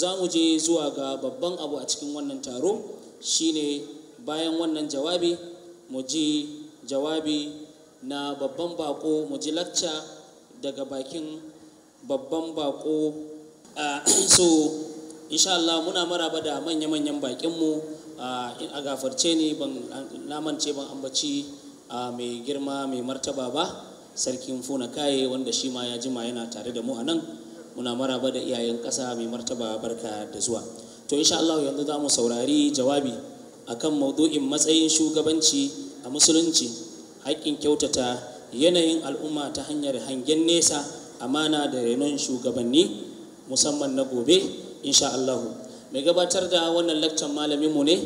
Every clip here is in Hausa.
za mu je zuwa ga babban abu a cikin wannan taro shine bayan wannan jawabi mu ji jawabi na babban bako mu ji lacca daga bakin babban bako so insha Allah muna maraba da manya-manyan bakinmu a gafarce ne ban namance ban ambaci mai girma mai martaba ba sarkin funa kaye wanda shi ma ya jima yana tare da mu a nan muna maraba da iyayen ƙasa mai martaba barka da zuwa to insha Allah yanzu za mu saurari jawabi akan maudu'in matsayin shugabanci a musulunci haƙƙin kyautata yanayin al'umma ta hanyar hangen nesa amana da renon shugabanni musamman na gobe insha Allah mai gabatar da wannan lakcan malaminmu ne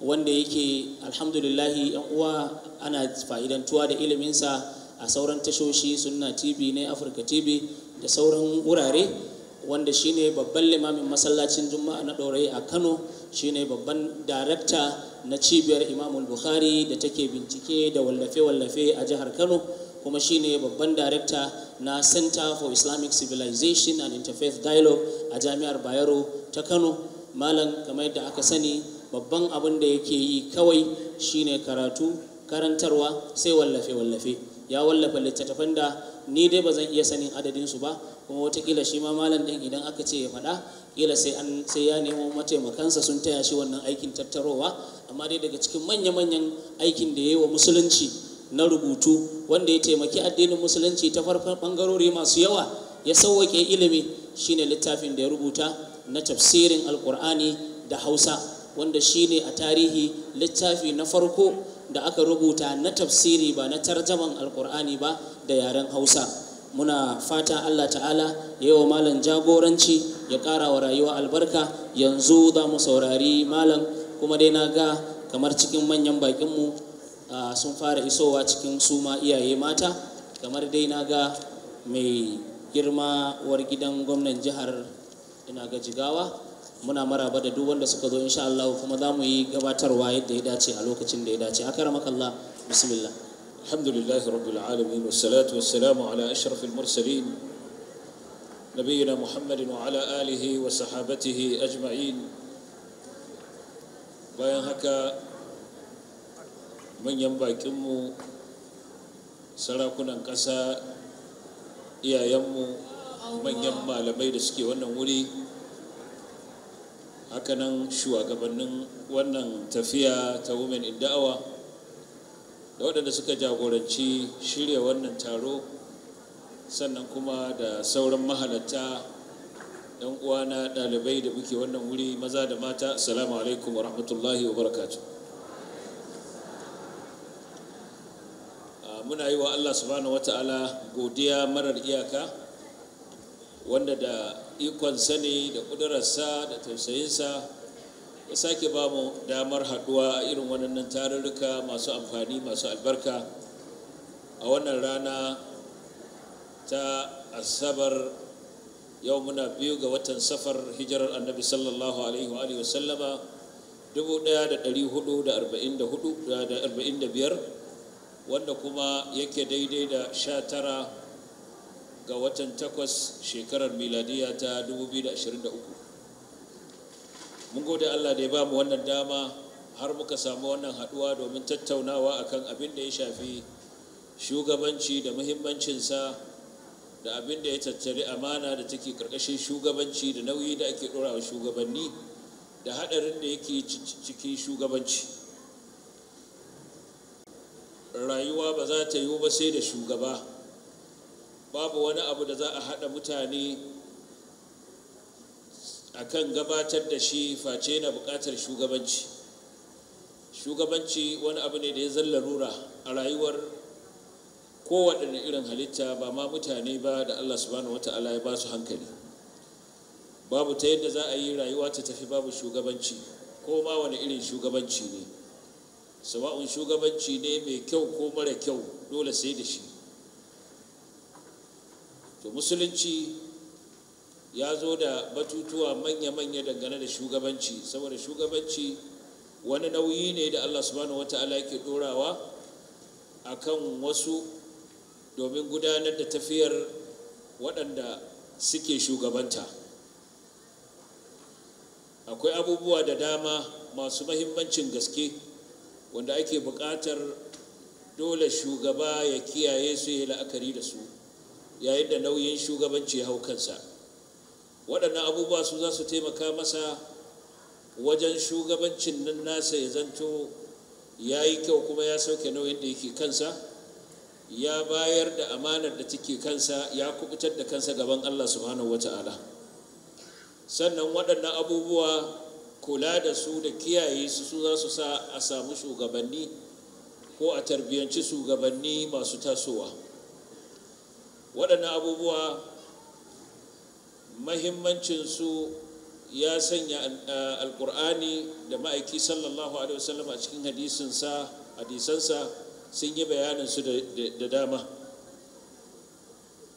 wanda yake alhamdulillahi yan uwa ana fa'idantuwa da iliminsa a sauran tashoshi sunna tv ne afirka tv da sauran wurare wanda shine babban limamin masallacin juma'a na ɗorayi a kano shine babban darakta na cibiyar imamul bukhari da take bincike da wallafe-wallafe a jihar kano kuma shine babban darakta na center for islamic civilization and interfaith dialogue a jami'ar bayero ta kano malam kamar yadda aka sani babban abin da yake yi kawai shine karatu karantarwa sai wallafe-wallafe ya wallafa littattafan da ni dai ba zan iya sanin adadin su ba kuma watakila shi ma malam ɗin idan aka ce ya faɗa kila sai an sai ya nemo mataimakansa sun taya shi wannan aikin tattarowa amma dai daga cikin manya-manyan aikin da ya yi wa musulunci na rubutu wanda ya taimaki addinin musulunci ta farkon bangarori masu yawa ya sauke ilimi shine littafin da ya rubuta na tafsirin alkur'ani da hausa wanda shine a tarihi littafi na farko da aka rubuta na tafsiri ba na tarjaman alkur'ani ba da yaren hausa muna fata allah ta'ala ya yi wa malam jagoranci ya ƙara wa rayuwa albarka yanzu za mu saurari malam kuma dai na ga kamar cikin manyan bakinmu sun fara isowa cikin suma iyaye mata kamar dai na ga mai girma war gidan gwamnan jihar ina ga jigawa muna maraba da duk wanda suka zo insha Allah kuma za mu yi gabatarwa yadda ya dace a lokacin da ya dace akaramakallah bismillah الحمد لله رب العالمين والصلاة والسلام على أشرف المرسلين نبينا محمد وعلى آله وصحابته أجمعين وينهك من ينبعي كم سلاكنا انكسا يا يم من ينبع لبيد سكي ونولي هكذا شو ونن تفيا تومن الدعوة da waɗanda suka jagoranci shirya wannan taro sannan kuma da sauran mahalatta yan uwana ɗalibai da muke wannan wuri maza da mata assalamu alaikum wa rahmatullahi wa barakatu ah, muna yi wa allah subhanahu wata'ala godiya marar iyaka wanda da ikonsa ne da ƙudurarsa da tausayinsa ya sake ba mu damar haɗuwa a irin waɗannan tarurruka masu amfani masu albarka a wannan rana ta asabar yau muna biyu ga watan safar hijirar annabi sallallahu alaihi wa sallama 1445 wanda kuma yake daidai da 19 ga watan takwas shekarar miladiya ta 2023 mun gode allah da ya ba mu wannan dama har muka samu wannan haduwa domin tattaunawa akan abin da ya shafi shugabanci da muhimmancinsa da abin da ya tattari amana da take karkashin shugabanci da nauyi da ake dora wa shugabanni da hadarin da yake cikin shugabanci rayuwa ba za ta yiwu ba sai da shugaba babu wani abu da za a haɗa mutane akan gabatar da shi face na bukatar shugabanci shugabanci wani abu ne da ya zalla rura a rayuwar kowaɗanne irin halitta ba ma mutane ba da allah subhanahu wata'ala ya ba su hankali babu ta yadda za a yi rayuwa ta tafi babu shugabanci ko ma wani irin shugabanci ne sawa'un shugabanci ne mai kyau ko mara kyau dole sai da shi to musulunci ya zo da batutuwa manya-manya dangane da shugabanci saboda shugabanci wani nauyi ne da allah subhanahu wa ta'ala yake dorawa a kan wasu domin gudanar da tafiyar waɗanda suke shugabanta akwai abubuwa da dama masu mahimmancin gaske wanda ake buƙatar dole shugaba ya kiyaye su ya la'akari da su yayin da nauyin shugabanci ya hau kansa waɗannan abubuwa su za su taimaka masa wajen shugabancin nan nasa ya zanto ya yi kyau kuma ya sauke nauyin da yake kansa ya bayar da amanar da take kansa ya kubutar da kansa gaban allah subhanahu wata'ala sannan waɗannan abubuwa kula da su da kiyaye su su za su sa a samu shugabanni ko a tarbiyyanci shugabanni masu tasowa waɗannan abubuwa mahimmancinsu ya sanya alkur'ani da ma'aiki sallallahu alaihi wasallam a cikin hadisansa sun yi bayaninsu da dama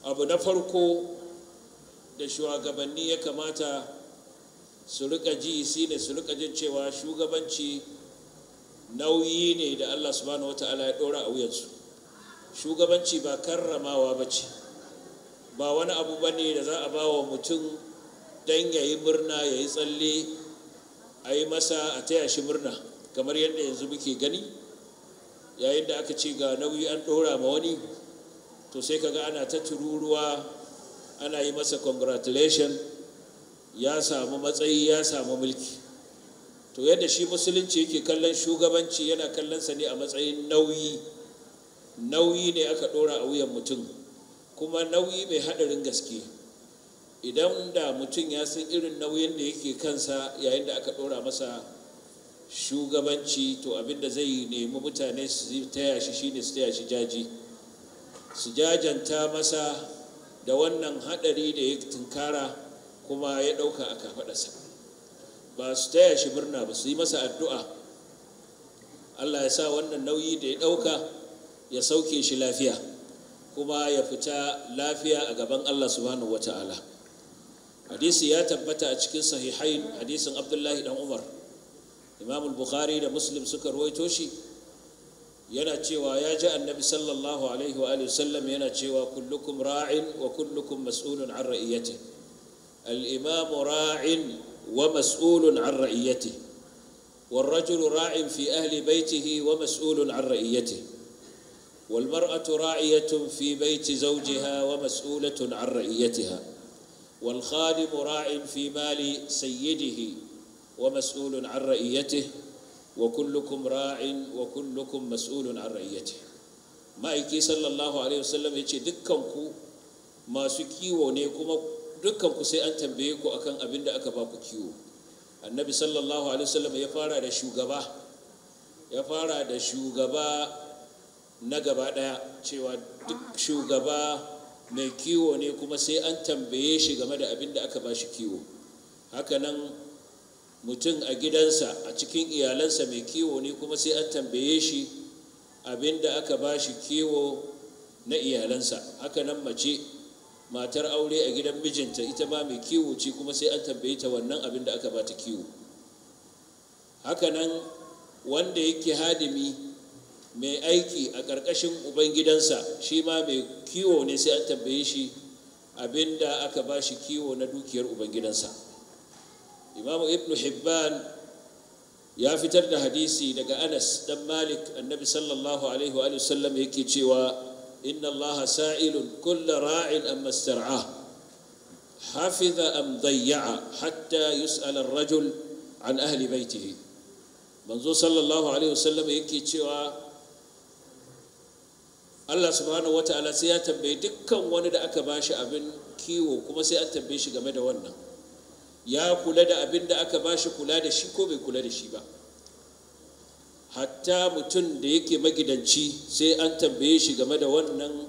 abu na farko da shugabanni ya kamata su rika ji su ne su rika jin cewa shugabanci nauyi ne da allah subhanahu wa ta'ala ya ɗora a wuyansu shugabanci ba karramawa ba ce ba wani abu ba ne da za a ba wa mutum don ya yi murna ya yi tsalle a yi masa a taya shi murna kamar yadda yanzu muke gani yayin da aka ce ga nauyi an ɗora ma wani to sai kaga ana ta tururuwa ana yi masa congratulation ya samu matsayi ya samu mulki to yadda shi musulunci yake kallon shugabanci yana sa ne a matsayin nauyi nauyi ne aka ɗora a wuyan mutum kuma nauyi mai haɗarin gaske idan da mutum ya san irin nauyin da yake kansa yayin da aka ɗora masa shugabanci to abinda zai nemi mutane su taya shi shine su taya shi jaji su jajanta masa da wannan haɗari da ya tunkara kuma ya ɗauka a kafaɗarsa ba su taya shi birna ba su yi masa addu'a allah ya sa wannan nauyi da ya ɗauka ya sauke shi lafiya kuma ya fita lafiya a gaban Allah subhanahu ta'ala. hadisi ya tabbata a cikin sahihain hadisin abdullahi dan umar imam bukhari da muslim suka ruwaito shi yana cewa ya ji annabi sallallahu alaihi wa sallam yana cewa kullukum ra'in wa kullukum mas'ulun an ra'iyati al-imam ra'in wa mas'ulun an ra'iyati والرجل راع في أهل بيته ومسؤول عن رعيته والمرأة راعية في بيت زوجها ومسؤولة عن رعيتها والخادم راع في مال سيده ومسؤول عن رعيته وكلكم راع وكلكم مسؤول عن رعيته ma'aiki sallallahu alaihi wasallam ya ce dukkanku masu kiwo ne kuma dukkanku sai an tambaye ku akan abin da aka baku kiwo annabi sallallahu ya fara da shugaba ya fara da shugaba na gaba ɗaya cewa duk shugaba mai kiwo ne kuma sai an tambaye shi game da abin da aka ba shi kiwo hakanan mutum a gidansa a cikin iyalansa mai kiwo ne kuma sai an tambaye shi abin da aka ba shi kiwo na iyalansa hakanan mace matar aure a gidan mijinta ita ba mai kiwo ce kuma sai an tambaye ta wannan abin da aka ba ta kiwo hakanan wanda yake hadimi mai aiki a ƙarƙashin ubangidansa shi ma mai kiwo ne sai an tambaye shi abinda aka ba shi kiwo na dukiyar ubangidansa imamu ibn hibban ya fitar da hadisi daga anas dan malik annabi sallallahu alaihi wa sallam yake cewa inna allah sa'ilun kulla ra'in amma hafiza حفظ أم hatta حتى يسأل الرجل عن أهل بيته manzo sallallahu alaihi wasallam yake cewa Allah subhanahu wata'ala sai ya tambayi dukkan wani da aka ba shi abin kiwo kuma sai an tambaye shi game da wannan ya kula da abin da aka ba shi kula da shi ko bai kula da shi ba hatta mutum da yake magidanci sai an tambaye shi game da wannan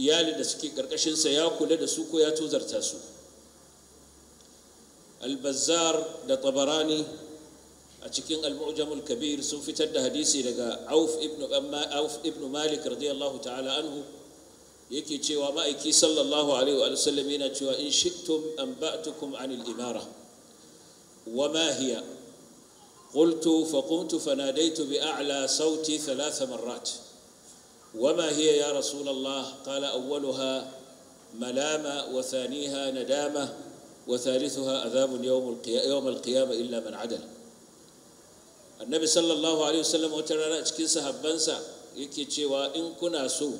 iyalin da suke karkashinsa ya kula da su ko ya tozarta su albazar da tabarani أتكين المعجم الكبير سوف تد حديثي لغا عوف ابن, أما عوف ابن مالك رضي الله تعالى عنه يكي تيوى مائكي صلى الله عليه وسلم إن شئتم أنبأتكم عن الإمارة وما هي قلت فقمت فناديت بأعلى صوتي ثلاث مرات وما هي يا رسول الله قال أولها ملامة وثانيها ندامة وثالثها أذاب يوم القيامة إلا من عدل annabi sallallahu alaihi wasallam wata rana cikin sahabbansa yake cewa in kuna so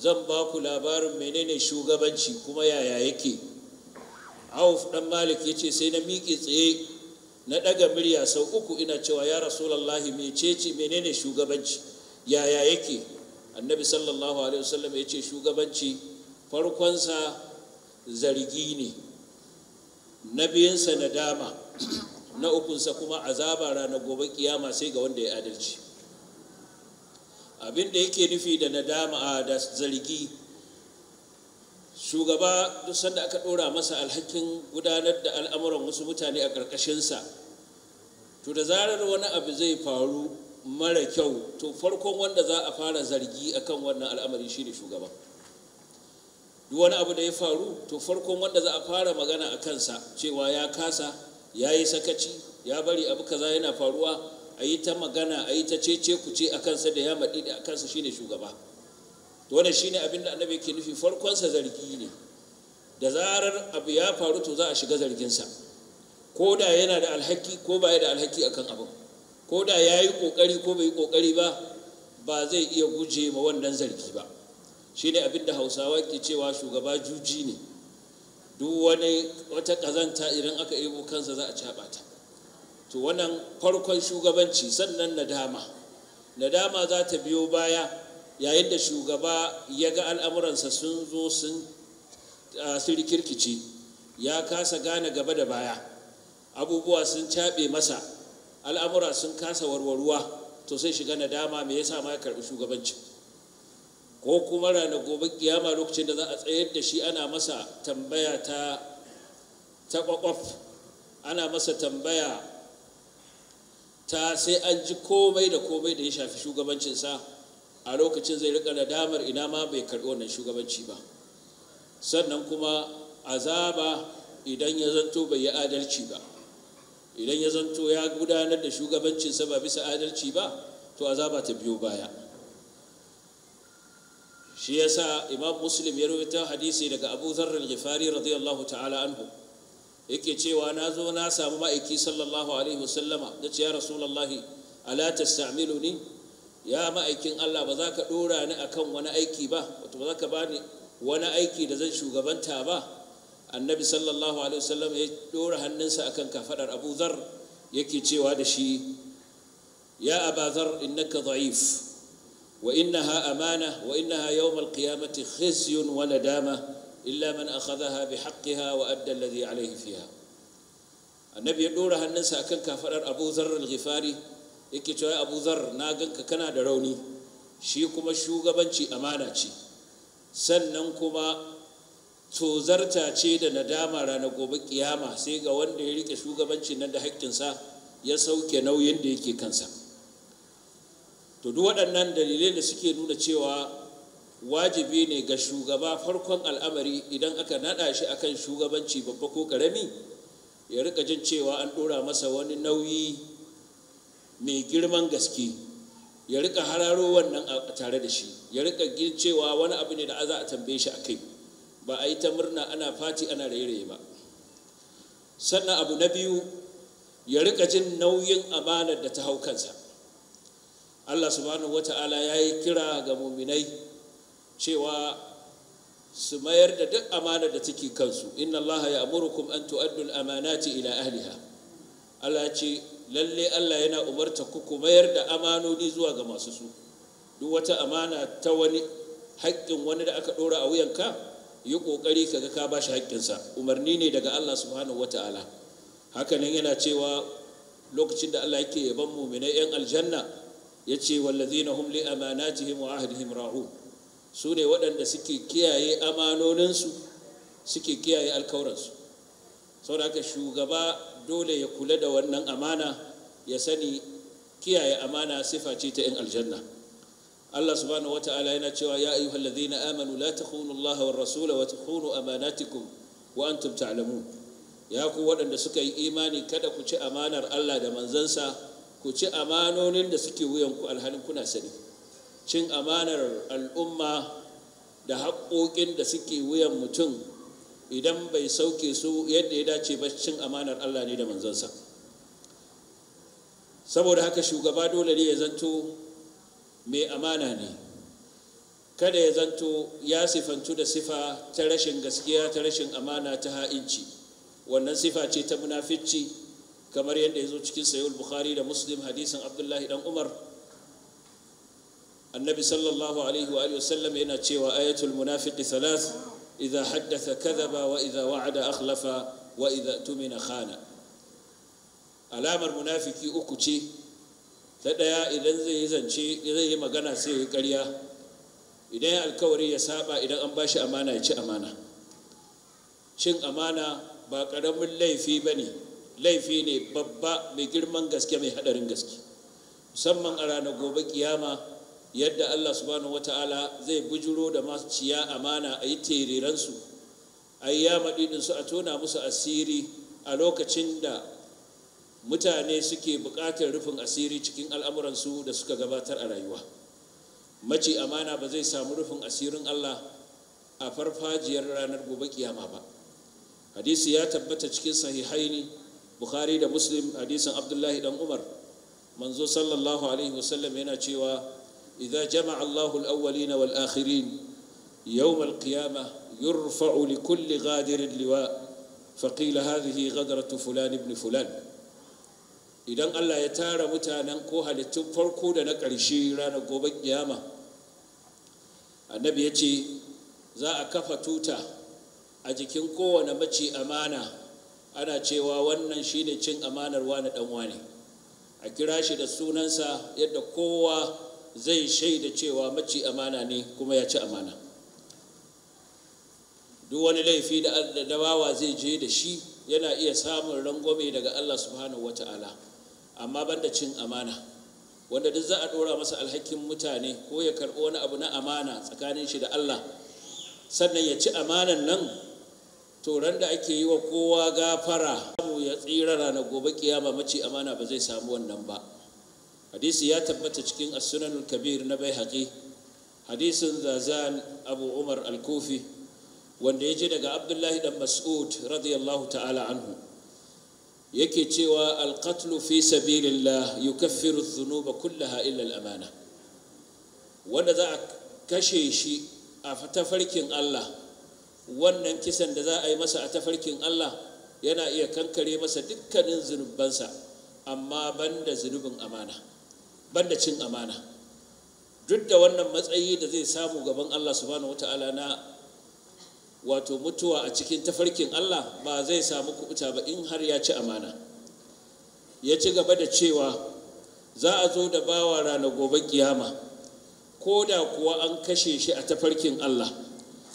zan ba ku labarin menene shugabanci kuma yaya yake auf dan malik yace sai na miƙe tsaye na daga murya sau uku ina cewa ya ce mecece menene shugabanci yaya yake annabi sallallahu alaihi wasallam ya ce shugabanci farkonsa zargi ne na biyansa nadama na ukunsa kuma azaba ranar gobe kiyama sai ga wanda ya adalci abin da yake nufi da nadama a da zargi shugaba duk sanda aka ɗora masa alhakin gudanar da al'amuran wasu mutane a ƙarƙashinsa to da zarar wani abu zai faru mara kyau to farkon wanda za a fara zargi akan wannan al'amari shine shugaba duk wani abu da ya faru to farkon wanda za a fara magana a kansa cewa ya kasa ya yi sakaci ya bari abu kaza yana faruwa a yi ta magana a yi ta cece ku ce a kansa da ya maɗi da a kansa shine shugaba to wannan shine abin da annabi ke nufi farkonsa zargi ne da zarar abu ya faru to za a shiga zarginsa ko da yana da alhaki ko ba ya da alhaki akan abin ko da ya yi ƙoƙari ko bai yi ƙoƙari ba ba zai iya guje ma wannan zargi ba shine abin da hausawa ke cewa shugaba juji ne duk wani wata kazanta idan aka ibo kansa za a caba ta to wannan farkon shugabanci sannan nadama nadama za ta biyo baya yayin da shugaba ya ga al'amuransa sun zo sun rikirkice ya kasa gane gaba da baya abubuwa sun caɓe masa al'amura sun kasa warwaruwa to sai shiga nadama me yasa ma ya karbi shugabancin ko kuma ranar gobe kiyama lokacin da za a tsayar da shi ana masa tambaya ta ta kwakwaf ana masa tambaya ta sai an ji komai da komai da ya shafi shugabancinsa a lokacin zai rika nadamar ina ma bai karɓi wannan shugabanci ba sannan kuma azaba idan ya zanto bai yi adalci ba idan ya zanto ya gudanar da shugabancinsa ba bisa adalci ba to azaba ta biyo baya shi yasa imam muslim ya rubuta hadisi daga abu zarrin ghifari radiyallahu ta'ala anhu yake cewa na zo na samu ma'aiki sallallahu alaihi wasallama da ce ya rasulallahi ala ni ya ma'aikin allah ba za ka ɗora ni akan wani aiki ba wato ba za ka bani wani aiki da zan shugabanta ba annabi sallallahu alaihi wasallam ya ɗora hannunsa akan kafadar abu zar yake cewa da shi ya abazar innaka da'if wa innaha amana wa innaha yawmal qiyamati khizyun wa nadama illa man akhadhaha bi haqqiha wa adda alladhi alayhi fiha annabi ya dora hannunsa akan kafadar Abu Dharr al-Ghifari yake cewa na ganka kana da rauni shi kuma shugabanci amana ce sannan kuma tozarta ce da nadama rana gobe kiyama sai ga wanda ya rike shugabancin nan da haƙƙinsa ya sauke nauyin da yake kansa to duk waɗannan dalilai da suke nuna cewa wajibi ne ga shugaba farkon al'amari idan aka naɗa shi akan shugabanci babba ko ƙarami ya rika jin cewa an ɗora masa wani nauyi mai girman gaske ya rika hararo wannan tare da shi ya rika gin cewa wani abu ne da za a tambaye shi a kai ba a yi ta murna ana fati ana rairaye ba sannan abu na biyu ya rika jin nauyin amanar da ta hau kansa allah subhanahu ya yi kira ga muminai cewa su mayar da duk amana da take kansu inna allah ya amurukum an tu'addu al-amanati ila ahliha allah ce lalle allah yana umarta kuku mayar da amanoni zuwa ga masu su duk wata amana ta wani haƙƙin wani da aka ɗora a wuyanka yi ƙoƙari ka ga ka ba shi haƙƙinsa umarni ne daga allah subhanahu wata'ala hakanan yana cewa lokacin da allah yake yaban muminai 'yan aljanna ya ce wallazina hum li amanatihim wa ahdihim ra'un su ne waɗanda suke kiyaye amanoninsu suke kiyaye alkawuransu sau haka shugaba dole ya kula da wannan amana ya sani kiyaye amana sifa ce ta 'yan aljanna Allah subhanahu wa ta'ala yana cewa ya ayyuhal ladhina amanu la takhunu Allah war rasula wa takhunu amanatikum wa antum ta'lamun ya ku waɗanda suka yi imani kada ku ci amanar Allah da manzansa ku ci amanonin da suke wuyanku alhalin kuna sani cin amanar al'umma da haƙoƙin da suke wuyan mutum idan bai sauke su yadda ya dace ba cin amanar allah ne da manzansa saboda haka shugaba dole ne ya zanto mai amana ne kada ya zanto ya sifantu da sifa ta rashin gaskiya ta rashin amana ta ha'inci wannan sifa ce ta munafici kamar yadda ya zo cikin sayul bukhari da muslim hadisin abdullahi dan umar annabi sallallahu alaihi wa alihi wasallam yana cewa ayatul munafiqi thalath idza haddatha kadhaba wa idza wa'ada akhlafa wa idza tumina khana alamar munafiki uku ce ta daya idan zai yi zance zai yi magana sai ya ƙarya idan ya alkawari ya saba idan an bashi amana ya ci amana cin amana ba ƙaramin laifi bane laifi ne babba mai girman gaske mai hadarin gaske musamman a ranar gobe kiyama yadda allah subhanahu ta'ala zai bujuro da masu ciya amana a yi teriransu a yi yamaɗiɗinsu a tona musu asiri a lokacin da mutane suke buƙatar rufin asiri cikin al'amuransu da suka gabatar a rayuwa maci amana ba zai samu rufin asirin allah a farfajiyar ranar gobe kiyama ba hadisi ya tabbata cikin sahihaini bukhari da muslim hadisin abdullahi dan umar manzo sallallahu alaihi wasallam yana cewa idza jama'a allahu al-awwalin wal akhirin yawm al-qiyamah yurfa'u li kulli ghadirin liwa فقيل هذه غدرة فلان ابن idan Allah ya tara mutanen ko halittun farko da na ƙarshe ranar gobe kiyama annabi ya ce za a kafa tuta a jikin kowane mace amana ana cewa wannan shine cin amanar wani dan wani a kira shi da sunansa yadda kowa zai shaida cewa maci amana ne kuma ya ci amana duk wani laifi da dabawa zai je da shi yana iya samun rangwame daga Allah subhanahu wa ta'ala amma banda cin amana wanda duk za a dora masa alhakin mutane ko ya karɓo wani abu na amana tsakanin shi da Allah sannan ya ci amanan nan to da ake yi wa kowa gafara abu ya tsira rana gobe kiyama mace amana ba zai samu wannan ba hadisi ya tabbata cikin as kabir na baihaqi hadisin zazan abu umar al-kufi wanda ya je daga abdullahi dan mas'ud radiyallahu ta'ala anhu yake cewa alqatlu fi sabilillah yukaffiru dhunuba kullaha illa al-amana wanda za a kashe shi a tafarkin Allah wannan kisan da za a yi masa a tafarkin Allah yana iya kankare masa dukkanin zunubansa amma banda zunubin amana banda cin amana duk da wannan matsayi da zai samu gaban Allah subhanahu wata'ala na wato mutuwa a cikin tafarkin Allah ba zai samu kubuta ba in har ya ci amana ya ci gaba da cewa za a zo da bawa ranar gobe kiyama ko da kuwa an kashe shi a tafarkin Allah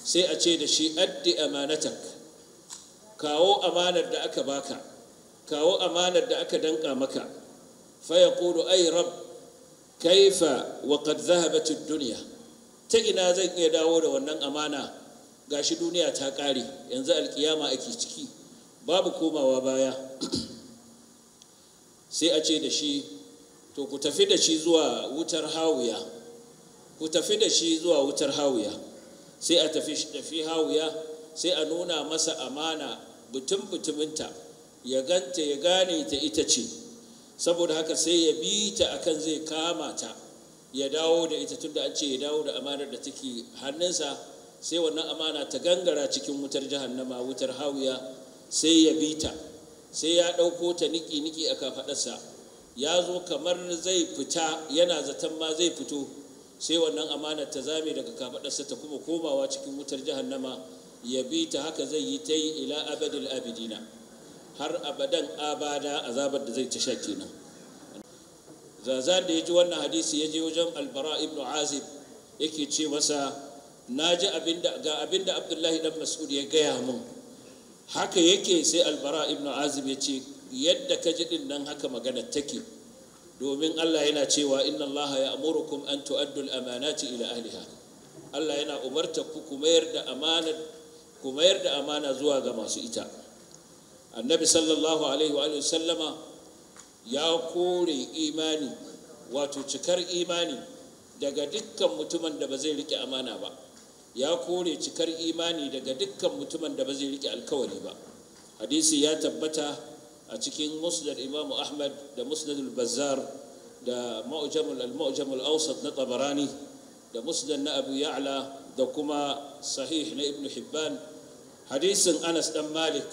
sai a ce da shi addi amanatak kawo amanar da aka baka kawo amanar da aka danka maka fa kudu ai rab kaifa wa kad dhahabat duniya ta ina zan iya dawo da wannan amana gashi duniya ta kare yanzu alkiyama ake ciki babu komawa baya sai a ce da shi to ku tafi da shi zuwa wutar hawiya ku tafi da shi zuwa wutar hawiya sai a tafi tafi hawuya sai a nuna masa amana butun butuminta ya ganta ya gane ta ita ce saboda haka sai ya bi ta akan zai kama ta ya dawo da ita tunda an ce ya dawo da amanar da take hannunsa sai wannan amana ta gangara cikin wutar jahannama wutar hawiya sai ya bi ta sai ya ɗauko ta niki-niki a kafaɗarsa ya zo kamar zai fita yana zaton ma zai fito sai wannan amanar ta zame daga kafaɗarsa ta kuma komawa cikin wutar jahannama ya bi ta haka zai yi ta yi ila abadil abidina har abadan abada azabar da zai ta sha kenan zazan da ya ji wannan hadisi ya je wajen albara ibn azib yake ce masa na ji ga abinda abdullahi dan mas'ud ya gaya mun haka yake sai albara ibn azib ya ce yadda ka ji din nan haka magana take domin Allah yana cewa inna Allah ya amurukum an tu'addul amanati ila ahliha Allah yana umarta ku ku mayar da amana ku mayar da amana zuwa ga masu ita annabi sallallahu alaihi wa sallama ya kore imani wato cikar imani daga dukkan mutumin da ba zai rike amana ba ya kore cikar imani daga dukkan mutumin da ba zai rike alkawari ba hadisi ya tabbata a cikin musnad imam ahmad da musnad al-bazzar da mu'jam al-mu'jam al-awsat na tabarani da musnad na abu ya'la da kuma sahih na ibn hibban hadisin anas dan malik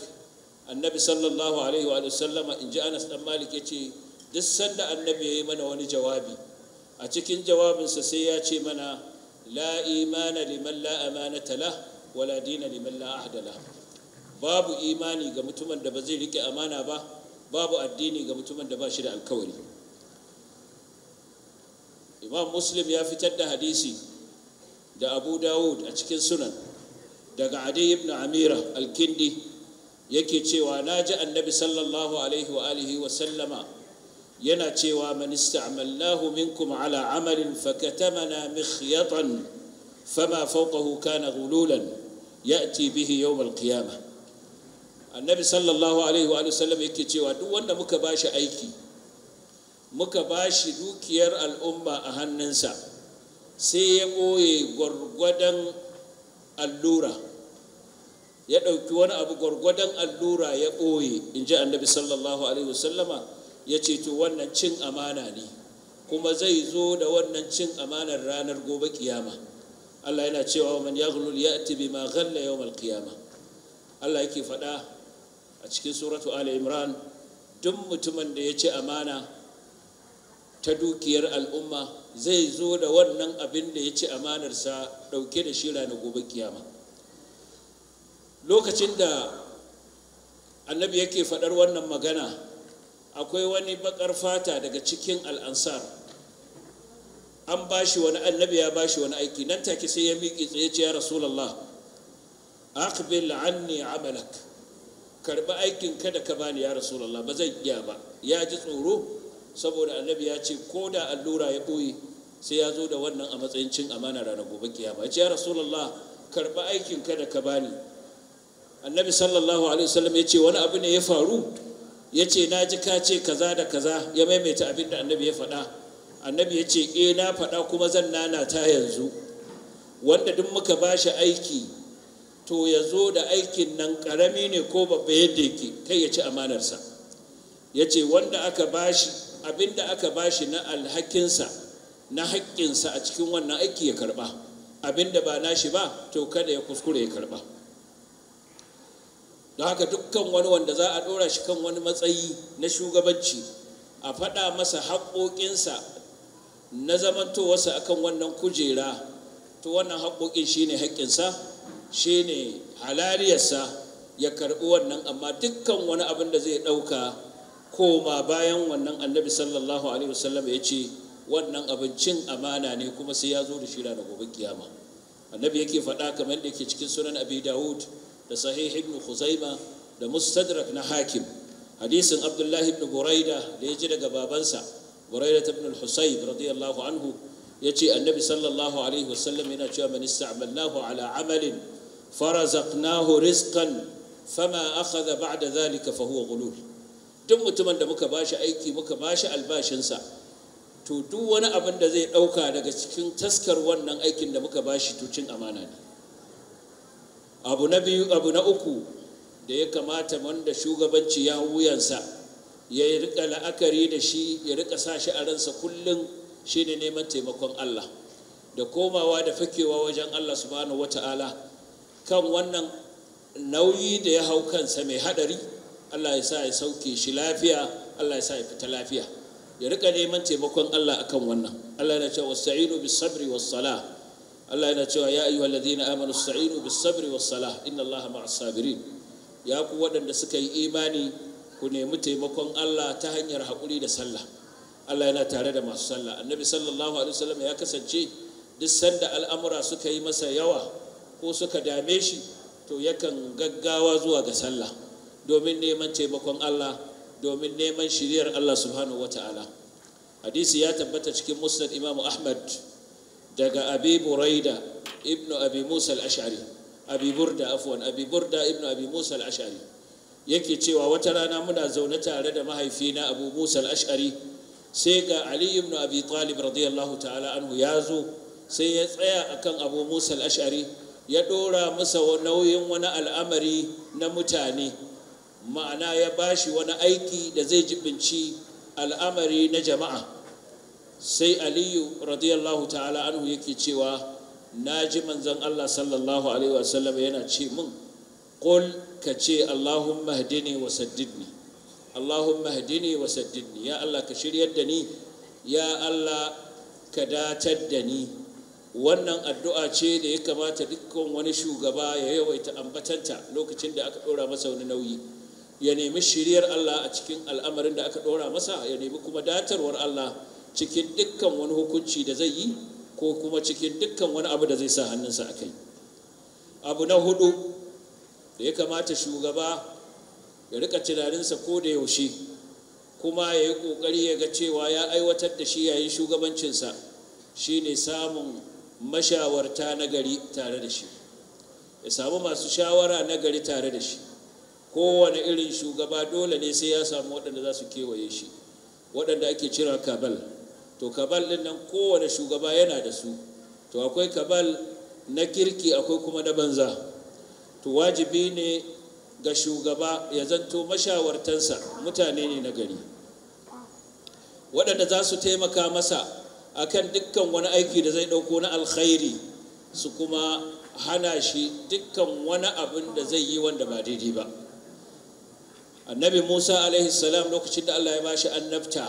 annabi sallallahu alaihi wa sallama in ji anas dan malik ya ce duk sanda annabi ya yi mana wani jawabi a cikin jawabinsa sai ya ce mana la imana liman la amanata lah wala dina liman la ahda babu imani ga mutumin da ba zai rike amana ba babu addini ga mutumin da ba shi da alkawari imam muslim ya fitar da hadisi da abu dawud a cikin sunan daga adi ibn amira alkindi yake cewa na ji annabi sallallahu alaihi wa alihi wa sallama yana cewa man ista'malnahu minkum ala amalin fakatamana mikhyatan fama fawqahu kana ghululan ya'ti bihi yawm al-qiyamah annabi sallallahu alaihi wa sallam yake cewa duk wanda muka ba shi aiki muka ba shi dukiyar al'umma a hannunsa sai ya ɓoye gwargwadon allura ya ɗauki wani abu gwargwadon allura ya ɓoye in ji annabi sallallahu alaihi wasallama ya ce to wannan cin amana ne kuma zai zo da wannan cin amanar ranar gobe kiyama Allah yana cewa wa man ya ya'ti bima ghalla yawm al Allah yake faɗa a cikin suratu ali imran duk mutumin da ya ci amana ta dukiyar al'umma zai zo da wannan abin da ya ci amanarsa ɗauke da shira na gobe kiyama lokacin da annabi yake faɗar wannan magana akwai wani bakar fata daga cikin al'ansar an ba shi wani annabi ya ba shi wani aiki nan take sai ya miƙe tsaye ce ya rasulallah aqbil anni amalak karbi aikin da ka bani ya rasulullah ba zai iya ba ya ji tsoro saboda annabi ya ce ko da allura ya ɓoye sai ya zo da wannan a matsayin cin amana ranar gobe kiyama ya ce ya rasulullah karɓi aikin da ka bani annabi sallallahu alaihi wasallam ya ce wani abu ne ya faru ya ce na ji ka ce kaza da kaza ya maimaita abin da annabi ya faɗa annabi ya ce eh na faɗa kuma zan nana ta yanzu wanda duk muka ba shi aiki to ya zo da aikin nan karami ne ko babba yadda yake kai ya ci amanarsa ya ce wanda aka bashi abinda aka bashi na alhakinsa na haƙƙinsa a cikin wannan aiki ya karba abinda ba nashi ba to kada ya kuskure ya karba don haka dukkan wani wanda za a ɗora shi kan wani matsayi na shugabanci a faɗa masa haƙoƙinsa na zamantowarsa akan wannan kujera to wannan haƙoƙin shine haƙƙinsa shine halariyarsa ya karɓi wannan amma dukkan wani abin da zai ɗauka koma bayan wannan annabi sallallahu alaihi wasallam ya ce wannan abincin amana ne kuma sai ya zo da shi ranar gobe kiyama annabi yake faɗa kamar da yake cikin sunan abi dawud da sahih ibn khuzaima da mustadrak na hakim hadisin abdullahi ibn buraida da ya ji daga babansa buraida ibn al-husayb radiyallahu anhu yace annabi sallallahu alaihi wasallam yana cewa man ista'malnahu ala amalin farazaqnahu rizqan fama akhadha ba'da dhalika fa huwa duk mutumin da muka bashi aiki muka bashi albashinsa to duk wani abin da zai dauka daga cikin taskar wannan aikin da muka bashi to cin amana ne abu na biyu abu na uku da ya kamata wanda shugabanci ya wuyansa ya rika la'akari da shi ya rika sa shi a ransa kullum shine neman taimakon Allah da komawa da fakewa wajen Allah subhanahu wata'ala kan wannan nauyi da ya hau kansa mai hadari allah ya sa ya sauke shi lafiya allah ya sa ya fita lafiya ya rika neman taimakon allah akan wannan allah yana cewa wasta'inu bis sabri was sala allah yana cewa ya ayyuhal ladina amanu sta'inu bis sabri was sala inna allaha ma'as sabirin ya ku waɗanda suka yi imani ku nemi taimakon allah ta hanyar haƙuri da sallah allah yana tare da masu sallah annabi sallallahu alaihi wasallam ya kasance duk sanda al'amura suka yi masa yawa ko suka dame shi to yakan gaggawa zuwa ga sallah domin neman taimakon Allah domin neman shiriyar Allah subhanahu wata'ala hadisi ya tabbata cikin musnad imamu ahmad daga abi buraida ibnu abi musa al-ash'ari abi burda afwan abi burda ibnu abi musa al-ash'ari yake cewa wata rana muna zaune tare da mahaifina abu musa al-ash'ari sai ga ali ibnu abi talib radiyallahu ta'ala anhu ya zo sai ya tsaya akan abu musa al-ash'ari ya ɗora masa nauyin wani al'amari na mutane ma'ana ya bashi wani aiki da zai jibinci al'amari na jama'a sai aliyu radiyallahu ta'ala anhu yake cewa na ji manzan allah sallallahu alaihi wasallam yana ce min Kul ka ce allahumma hadini wa saddidni allahumma hadini wa saddidni ya allah ka shiryar da ni ya allah ka datar da ni wannan addu'a ce da ya kamata dukkan wani shugaba ya yawaita ambatanta lokacin da aka ɗora masa wani nauyi ya nemi shiriyar Allah a cikin al'amarin da aka ɗora masa ya nemi kuma datarwar Allah cikin dukkan wani hukunci da zai yi ko kuma cikin dukkan wani abu da zai sa hannunsa a kai abu na hudu da ya kamata shugaba ya rika tunaninsa ko da yaushe kuma ya yi ƙoƙari ya ga cewa ya aiwatar da shi yayin shugabancinsa shine samun mashawarta nagari gari tare da shi ya samu masu shawara nagari tare da shi kowane irin shugaba dole ne sai ya samu waɗanda za su kewaye shi waɗanda ake cira kabal to kabal ɗin nan kowane shugaba yana da su to akwai kabal na kirki akwai kuma na banza to wajibi ne ga shugaba ya zanto mashawartansa mutane ne na gari waɗanda za su taimaka masa akan dukkan wani aiki da zai ɗauko na alkhairi su kuma hana shi dukkan wani abin da zai yi wanda ba daidai ba annabi musa alaihi salam lokacin da allah ya bashi annabta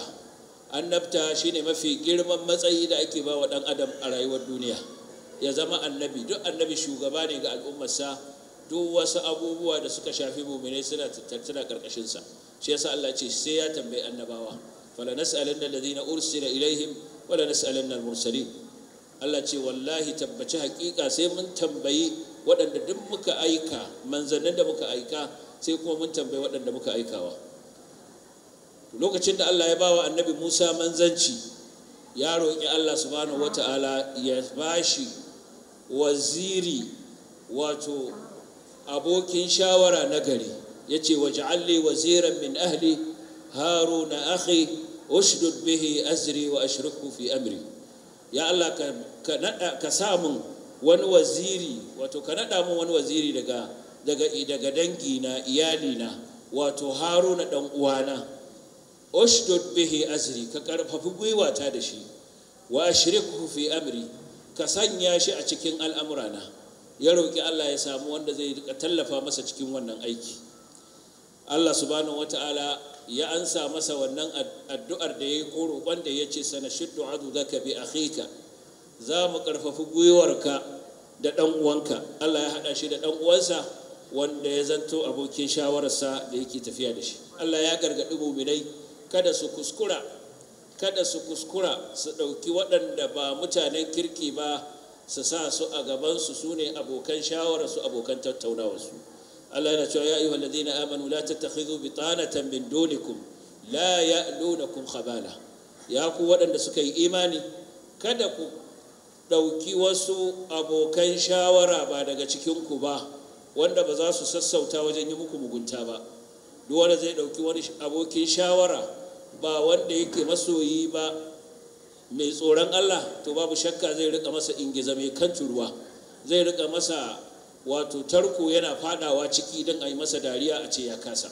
annabta shine mafi girman matsayi da ake ba wa ɗan adam a rayuwar duniya ya zama annabi duk annabi shugaba ne ga al'ummarsa duk wasu abubuwa da suka shafi muminai suna tattara karkashinsa shi yasa allah ce sai ya tambayi annabawa fala nas'alanna alladhina ursila ilaihim wala nas'alanna al-mursalin Allah ce wallahi tabbaci hakika sai mun tambayi waɗanda duk muka aika manzannin da muka aika sai kuma mun tambayi waɗanda muka aikawa lokacin da Allah ya bawa annabi Musa manzanci ya roƙi Allah subhanahu wata'ala ya bashi waziri wato abokin shawara na gari ya ce waj'alli waziran min ahli haruna akhi ushdud bihi azri wa ashriku fi amri ya Allah ka nada min wani waziri wato ka naɗa mun wani waziri daga daga dangi na iyali na wato haruna dan uwana ushdud bihi azri ka karfafi gwiwata da shi wa ashriku fi amri ka sanya shi a cikin al'amurana ya roki Allah ya samu wanda zai tallafa masa cikin wannan aiki Allah subhanahu wataala ya ansa masa wannan addu'ar da ya yi ko wanda ya ce sana shiddu zaka bi akhika za mu ƙarfafi gwiwarka da ɗan uwanka Allah ya haɗa shi da ɗan uwansa wanda ya zanto abokin shawararsa da yake tafiya da shi Allah ya gargaɗi muminai kada su kuskura kada su kuskura su ɗauki waɗanda ba mutanen kirki ba su sa su a gabansu su ne abokan shawararsu abokan tattaunawarsu Allah yana cewa ya ayyuha alladhina amanu la tattakhidhu bitanatan min dunikum la ya'lunakum khabala ya ku waɗanda suka yi imani kada ku ɗauki wasu abokan shawara ba daga cikinku ba wanda ba za su sassauta wajen yi muku mugunta ba duk wanda zai ɗauki wani abokin shawara ba wanda yake masoyi ba mai tsoron allah to babu shakka zai rika masa ingiza mai kan turuwa zai rika masa wato tarko yana fadawa ciki don a yi masa dariya a ce ya kasa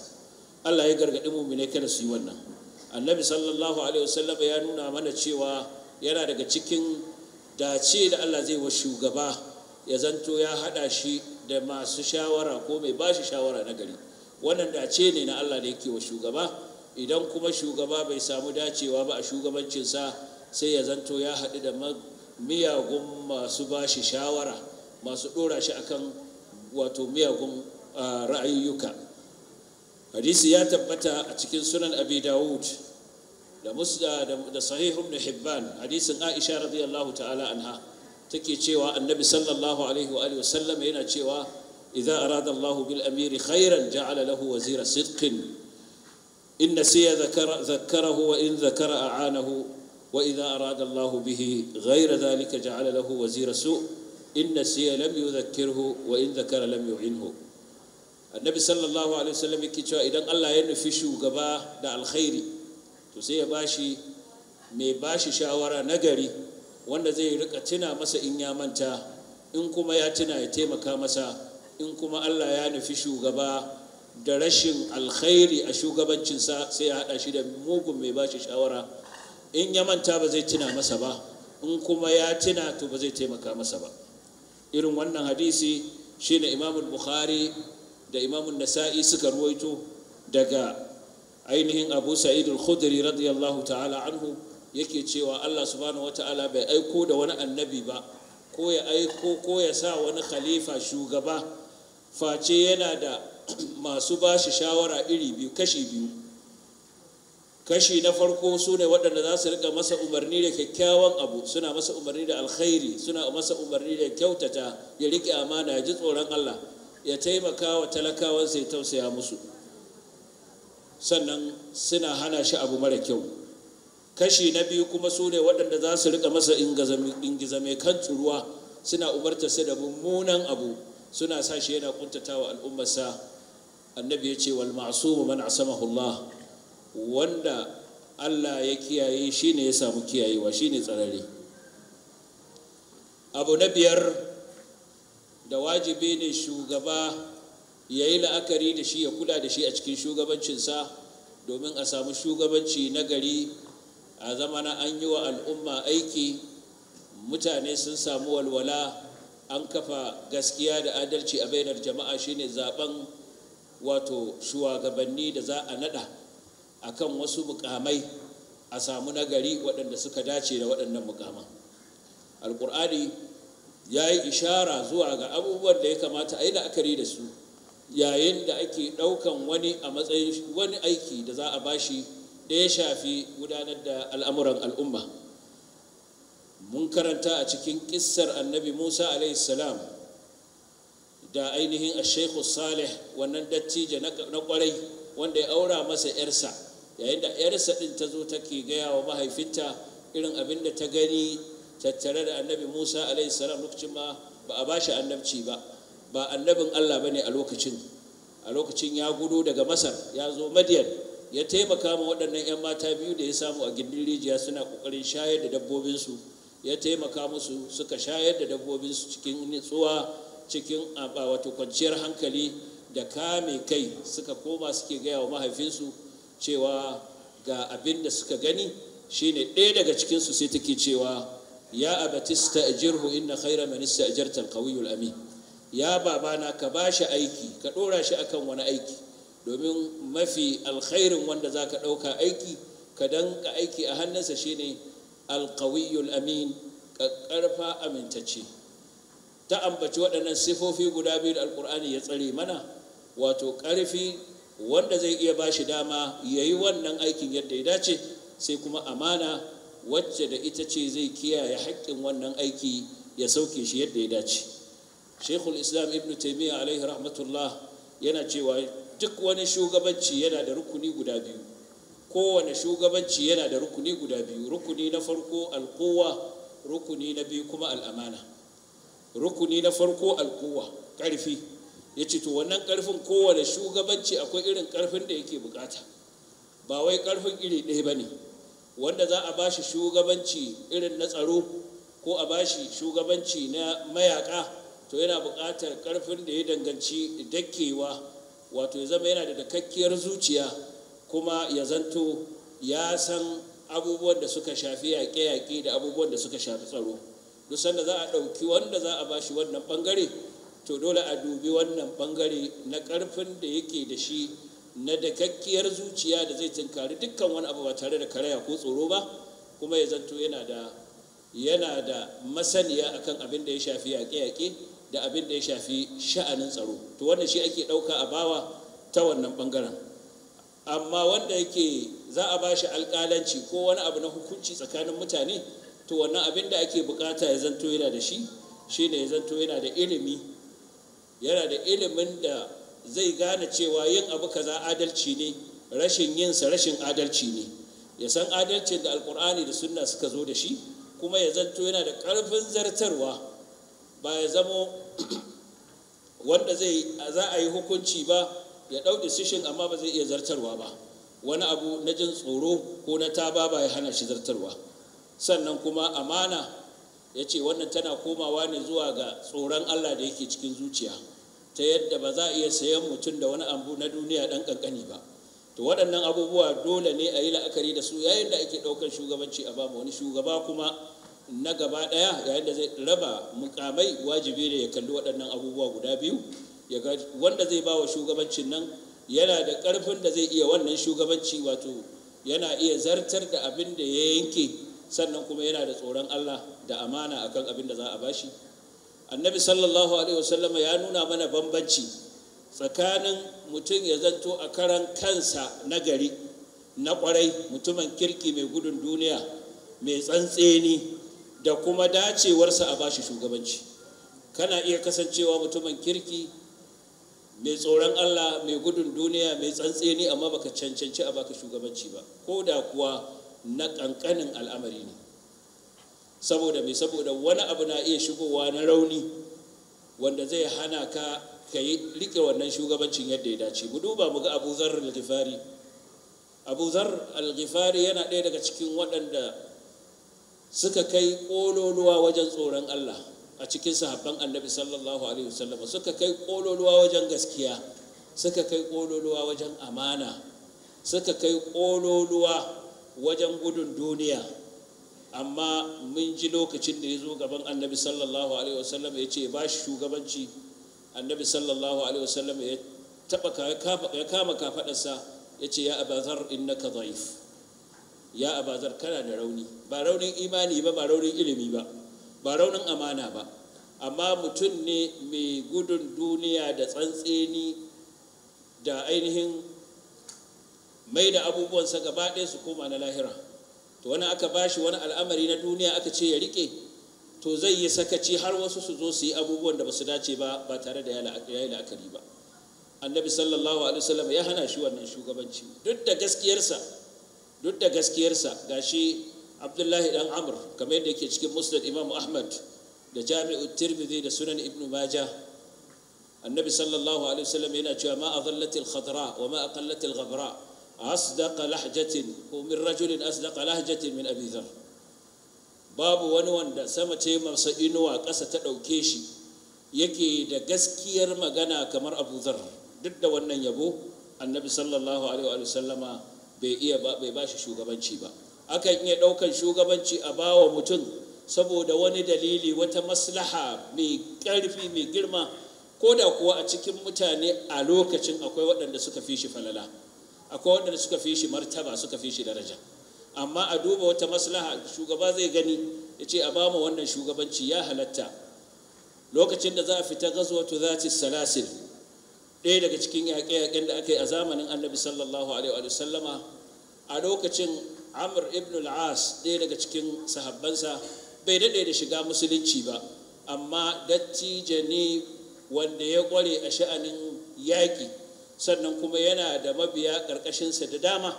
allah ya gargaɗi ne kada su yi wannan annabi sallallahu alaihi wasallam ya nuna mana cewa yana daga cikin dace da allah zai wa shugaba ya zanto ya hada shi da masu shawara ko mai ba shi shawara na gari wannan dace ne na allah da yake wa shugaba idan kuma shugaba bai samu dacewa ba a shugabancinsa sai ya zanto ya haɗu da miyagun masu ba shi shawara masu ɗora shi akan wato miyagun ra'ayuka hadisi ya tabbata a cikin sunan abi dawud da da sahih ibn hibban hadisin aisha radiyallahu ta'ala anha take cewa annabi sallallahu alaihi wa alihi wasallam yana cewa idza arada Allahu bil amiri khairan ja'ala lahu wazira sidqin in nasiya zakara zakarahu wa in zakara a'anahu wa idza arada Allahu bihi ghayra dhalika ja'ala lahu wazira su' in nasiya lam yudhakkirhu wa in dhakara lam yu'inhu annabi sallallahu alaihi wasallam yake cewa idan Allah ya nufi shugaba da alkhairi to sai ya bashi mai bashi shawara nagari wanda zai rika tuna masa in ya manta in kuma ya tuna ya taimaka masa in kuma Allah ya nufi shugaba da rashin alkhairi a shugabancinsa sai ya haɗa shi da mugun mai bashi shawara in ya manta ba zai tuna masa ba in kuma ya tuna to ba zai taimaka masa ba irin wannan hadisi shine imamu bukhari da imamu nasa'i suka ruwaito daga ainihin abu sa'id al-khudri radiyallahu ta'ala anhu yake cewa allah subhanahu wata'ala bai aiko da wani annabi ba ko ya aiko ko ya sa wani khalifa shugaba face yana da masu ba shi shawara iri biyu kashi biyu kashi na farko su ne waɗanda za su rika masa umarni da kyakkyawan abu suna masa umarni da alkhairi suna masa umarni da kyautata ya riƙe amana ya ji tsoron allah ya taimaka wa talakawansa ya tausaya musu sannan suna hana shi abu mara kyau kashi na biyu kuma su ne waɗanda za su rika masa mai kan tsuruwa suna umarta su da mummunan abu suna sa shi yana kuntatawa al'ummarsa annabi ya ce wal ma'sumu man asamahu allah wanda allah ya kiyaye shi ne ya samu kiyayewa shi ne tsarari abu na biyar da wajibi ne shugaba ya yi la'akari da shi ya kula da shi a cikin shugabancinsa domin a samu shugabanci na gari a zamana an yi wa al'umma aiki mutane sun samu walwala an kafa gaskiya da adalci a bainar jama'a shine zaben wato shugabanni da za a nada akan wasu mukamai a samu nagari waɗanda suka dace da waɗannan mukaman alƙur'ani ya yi ishara zuwa ga abubuwan da ya kamata a yi la'akari da su yayin da ake ɗaukan wani a matsayin wani aiki da za a bashi da ya shafi gudanar da al'amuran al'umma mun karanta a cikin ƙissar annabi musa salam da ainihin ashekhu salih wannan dattijo na ƙwarai wanda ya aura masa 'yarsa yayin da yarsa ɗin ta zo take gaya wa mahaifinta irin abin da ta gani tattare da annabi musa alaihi salam lokacin ma ba a bashi annabci ba ba annabin allah bane ne a lokacin a lokacin ya gudu daga masar ya zo madiyan ya taimaka ma waɗannan 'yan mata biyu da ya samu a gindin rijiya suna ƙoƙarin shayar da dabbobinsu ya taimaka musu suka shayar da dabbobinsu cikin nutsuwa cikin wato kwanciyar hankali da kame kai suka koma suke gaya wa mahaifinsu cewa ga abin da suka gani shine ɗaya daga cikinsu sai take cewa ya abatista ajirhu inna khaira Minista ista'jarta al amin ya babana ka ba shi aiki ka ɗora shi akan wani aiki domin mafi alkhairin wanda zaka ɗauka aiki ka danka aiki a hannunsa shine Alkawiyyul amin ƙarfa amintacce ta ambaci waɗannan sifofi guda biyu da alkur'ani ya tsare mana wato ƙarfi wanda zai iya ba shi dama ya yi wannan aikin yadda ya dace sai kuma amana wacce da ita ce zai kiyaye haƙƙin wannan aiki ya sauke shi yadda ya dace shekul islam ibn taimiyya alaihi rahmatullah yana cewa duk wani shugabanci yana da rukuni guda biyu kowane shugabanci yana da rukuni guda biyu rukuni na farko alkowa rukuni na biyu kuma al'amana rukuni na farko alkowa ƙarfi ya ce to wannan karfin kowane shugabanci akwai irin karfin da yake bukata ba wai ƙarfin iri ɗaya ba ne wanda za a bashi shugabanci irin na tsaro ko a bashi shugabanci na mayaka to yana bukatar ƙarfin da ya danganci dakewa wato ya zama yana da dakakkiyar zuciya kuma ya zanto ya san abubuwan da suka shafi yaƙe-yaƙe da abubuwan da suka shafi tsaro duk sanda za a ɗauki wanda za a bashi wannan ɓangare to dole a dubi wannan bangare na karfin da yake da shi na dakakkiyar zuciya da zai tunkari dukkan wani abu ba tare da karaya ko tsoro ba kuma ya zanto yana da yana da masaniya akan abin da ya shafi yaƙe-yaƙe da abin da ya shafi sha'anin tsaro to wannan shi ake ɗauka a bawa ta wannan bangaren amma wanda yake za a ba shi alƙalanci ko wani abu na hukunci tsakanin mutane to wannan abin da ake bukata ya zanto yana da shi shi ne ya zanto yana da ilimi yana da ilimin da zai gane cewa yin abu kaza adalci ne rashin yinsa rashin adalci ne ya san adalcin da alkur'ani da sunna suka zo da shi kuma ya zanto yana da ƙarfin zartarwa ba ya zamo wanda zai za a yi hukunci ba ya ɗau decision amma ba zai iya zartarwa ba wani abu na jin tsoro ko na taba ba ya hana shi zartarwa sannan kuma amana ya ce wannan tana komawa ne zuwa ga tsoron allah da yake cikin zuciya ta yadda ba za a iya sayan mutum da wani abu na duniya dan kankani ba to waɗannan abubuwa dole ne a yi la'akari da su yayin da ake ɗaukar shugabanci a bamu wani shugaba kuma na gaba ɗaya yayin da zai raba mukamai wajibi ne ya kalli waɗannan abubuwa guda biyu ya wanda zai bawa wa shugabancin nan yana da ƙarfin da zai iya wannan shugabanci wato yana iya zartar da abin da ya yanke sannan kuma yana da tsoron allah da amana akan abin da za a bashi annabi sallallahu alaihi wasallam ya nuna mana bambanci tsakanin mutum ya zanto a karan kansa na gari na kwarai mutumin kirki mai gudun duniya mai tsantseni da kuma dacewarsa a bashi shugabanci kana iya kasancewa mutumin kirki mai tsoron allah mai gudun duniya mai tsantseni amma baka cancanci a baka shugabanci ba ko da kuwa na ƙanƙanin al'amari ne saboda mai saboda wani abu na iya shigowa na rauni wanda zai hana ka ka yi rike wannan shugabancin yadda ya dace mu duba mu ga abu zar al-ghifari abu zar al-ghifari yana ɗaya daga cikin waɗanda suka kai ƙololuwa wajen tsoron allah a cikin sahabban annabi sallallahu alaihi wasallam suka kai ƙololuwa wajen gaskiya suka kai ƙololuwa wajen amana suka kai ƙololuwa wajen gudun duniya amma mun ji lokacin da ya zo gaban annabi sallallahu alaihi wasallam ya ce ba shi shugabanci annabi sallallahu alaihi wasallam ya taba ya kama kafadarsa ya ce ya abazar innaka dhaif ya abazar kana da rauni ba raunin imani ba ba raunin ilimi ba ba raunin amana ba amma mutum ne mai gudun duniya da tsantseni da ainihin mai da abubuwansa gaba ɗaya su koma na lahira wani aka bashi wani al'amari na duniya aka ce ya rike to zai yi sakaci har wasu su zo su yi abubuwan da ba su dace ba ba tare da ya yi la'akari ba annabi sallallahu alaihi wasallam ya hana shi wannan shugabanci duk da gaskiyarsa duk da gaskiyarsa gashi abdullahi dan amr kamar yadda yake cikin musnad imam ahmad da jami'u tirmidhi da sunan ibnu majah annabi sallallahu alaihi wasallam yana cewa ma adallatil khadra wa ma aqallatil ghabra أصدق لهجة ومن رجل أصدق لهجة من أبي ذر babu wani wanda sama ce inuwa ƙasa ta ɗauke shi yake da gaskiyar magana kamar abu zar duk da wannan yabo annabi sallallahu alaihi wa sallama bai iya bai ba shugabanci ba akan iya ɗaukan shugabanci a bawa mutum saboda wani dalili wata maslaha mai karfi mai girma ko da kuwa a cikin mutane a lokacin akwai waɗanda suka fi falala akwai waɗanda suka fi shi martaba suka fi shi daraja amma a duba wata maslaha shugaba zai gani ya ce a bamu wannan shugabanci ya halatta lokacin da za a fita gazuwatu zati salasil ɗaya daga cikin yaƙe-yaƙen da aka yi a zamanin annabi sallallahu alaihi wa sallama a lokacin amr ibn al-as ɗaya daga cikin sahabbansa bai daɗe da shiga musulunci ba amma dattijo ne wanda ya ƙware a sha'anin yaƙi sannan kuma yana da mabiya ƙarƙashinsa da dama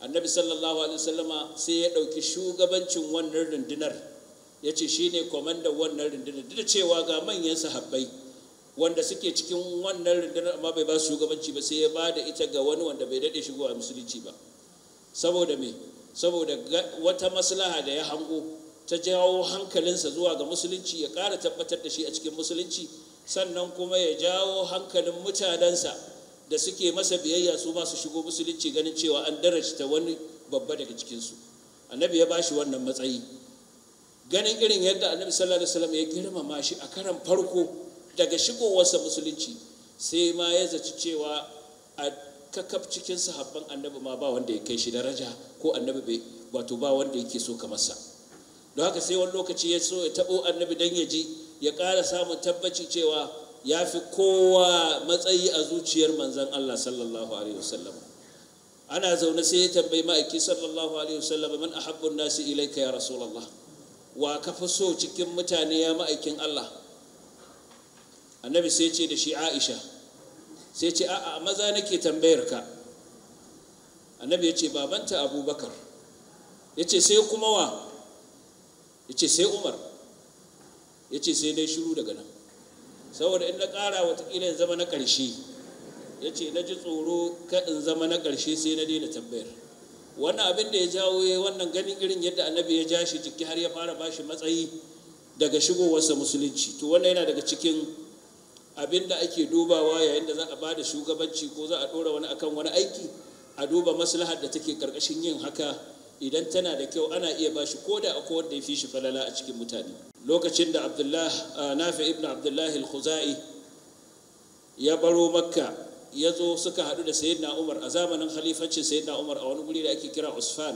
annabi sallallahu alaihi wasallama sai ya ɗauki shugabancin wannan rundunar ya ce shi ne kwamandan wannan rundunar duk da cewa ga manyan sahabbai wanda suke cikin wannan rundunar amma bai ba su shugabanci ba sai ya ba da ita ga wani wanda bai daɗe shigo a musulunci ba saboda me saboda wata maslaha da ya hango ta jawo hankalinsa zuwa ga musulunci ya ƙara tabbatar da shi a cikin musulunci sannan kuma ya jawo hankalin mutanensa da suke masa biyayya su masu su shigo musulunci ganin cewa an ta wani babba daga cikinsu annabi ya bashi wannan matsayi ganin irin yadda annabi sallallahu alaihi wasallam ya girmama shi a karan farko daga shigowarsa musulunci sai ma ya zaci cewa a kakaf cikin sahabban annabi ma ba wanda ya kai shi daraja ko annabi bai wato ba wanda yake so kamar sa don haka sai wani lokaci ya so ya tabo annabi dan ya ji ya ƙara samun tabbaci cewa ya fi kowa matsayi a zuciyar manzan Allah sallallahu alaihi wasallam ana zaune sai ya tambayi ma'aiki sallallahu alaihi wasallam man ahabbun nasi ilaika ya rasulallah. wa ka fi so cikin mutane ya ma'aikin Allah annabi sai ce da shi Aisha sai ce a'a maza nake tambayar ka annabi ya ce babanta Abubakar ya ce sai kuma wa ya ce sai Umar ya ce sai dai shiru daga nan saboda in na ƙara watakila in zama na ƙarshe ya ce na ji tsoro ka in zama na ƙarshe sai na daina tambayar wannan abin da ya jawo ya wannan ganin irin yadda annabi ya ja shi jiki har ya fara ba shi matsayi daga shigowarsa musulunci to wannan yana daga cikin abin da ake dubawa yayin da za a ba da shugabanci ko za a ɗora wani akan wani aiki a duba maslahar da take ƙarƙashin yin haka idan tana da kyau ana iya bashi ko da akwai wanda ya fi shi falala a cikin mutane lokacin da abdullah nafi ibn abdullah al-khuzai ya baro makka ya zo suka haɗu da sayyidina umar a zamanin khalifancin sayyidina umar a wani guri da ake kira usfan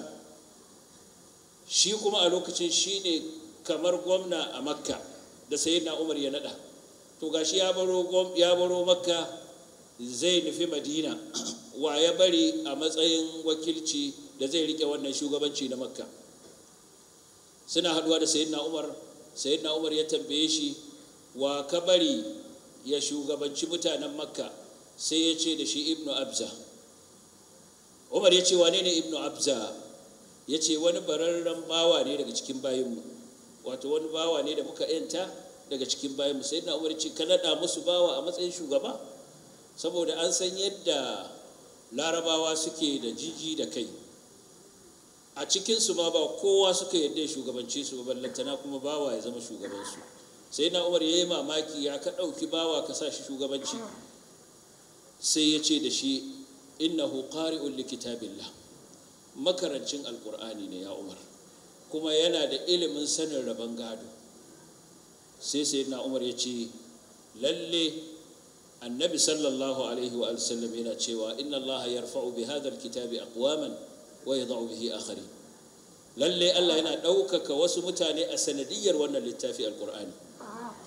shi kuma a lokacin shine kamar gwamna a makka da sayyidina umar ya nada to gashi ya baro ya baro makka zai nufi madina wa ya bari a matsayin wakilci da zai rike wannan shugabanci na makka suna haduwa da sayyidina umar sayyidina umar ya tambaye shi wa ka bari ya shugabanci mutanen makka sai ya ce da shi ibnu abza umar ya ce wane ne ibnu abza ya ce wani bararren bawa ne daga cikin bayanmu wato wani bawa ne da muka yanta daga cikin bayanmu sai na umar ce ka naɗa musu bawa a matsayin shugaba saboda an san yadda larabawa suke da jiji da kai a cikinsu ma ba kowa suka yadda shugabanci su ba lantana kuma bawa ya zama shugabansu sai na umar ya yi mamaki ya ka ɗauki bawa ka sa shi shugabanci sai ya ce da shi innahu qari'un li kitabillah makarancin alkur'ani ne ya umar kuma yana da ilimin sanin rabon gado sai sai na umar ya ce lalle annabi sallallahu alaihi wa sallam yana cewa inna allaha yarfa'u bi hadha alkitabi aqwaman wa yadau bihi lalle Allah yana ɗaukaka wasu mutane a sanadiyar wannan littafi alkur'ani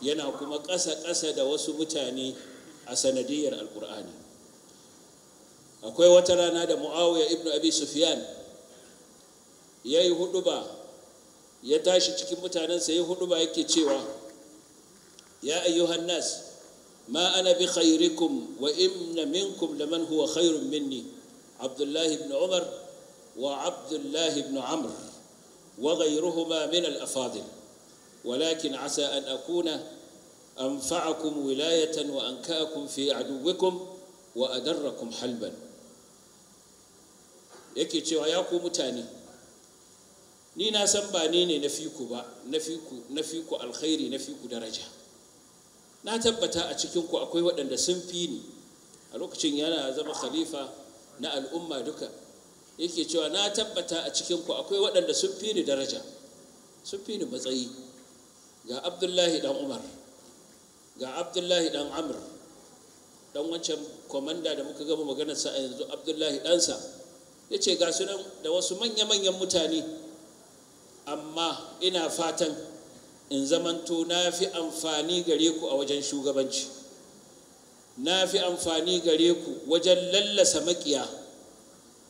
yana kuma ƙasa ƙasa da wasu mutane a sanadiyar alkur'ani akwai wata rana da muawiya ibnu abi sufyan yi huduba ya tashi cikin mutanensa ya huduba yake cewa ya ayyuhan nas ما أنا بخيركم وإن منكم لمن هو خير مني عبد Abdullahi Ibn Umar. وعبد الله بن عمرو وغيرهما من الأفاضل ولكن عسى أن أكون أنفعكم ولاية وأنكأكم في عدوكم وأدركم حلبا yake cewa ya ku mutane ni na san ba ni ne na fi ba na fi ku alkhairi na fi daraja na tabbata a cikin ku akwai waɗanda sun fi ni a lokacin yana zama khalifa na al'umma duka yake cewa na tabbata a cikinku akwai waɗanda sun fi ni daraja sun fi ni matsayi ga abdullahi dan umar ga abdullahi dan amir dan wancan kwamanda da muka gama maganarsa a yanzu abdullahi ɗansa ya ce ga sunan da wasu manya-manyan mutane amma ina fatan in zamanto na fi amfani gare ku a wajen shugabanci na fi amfani gare ku wajen lallasa maƙiya.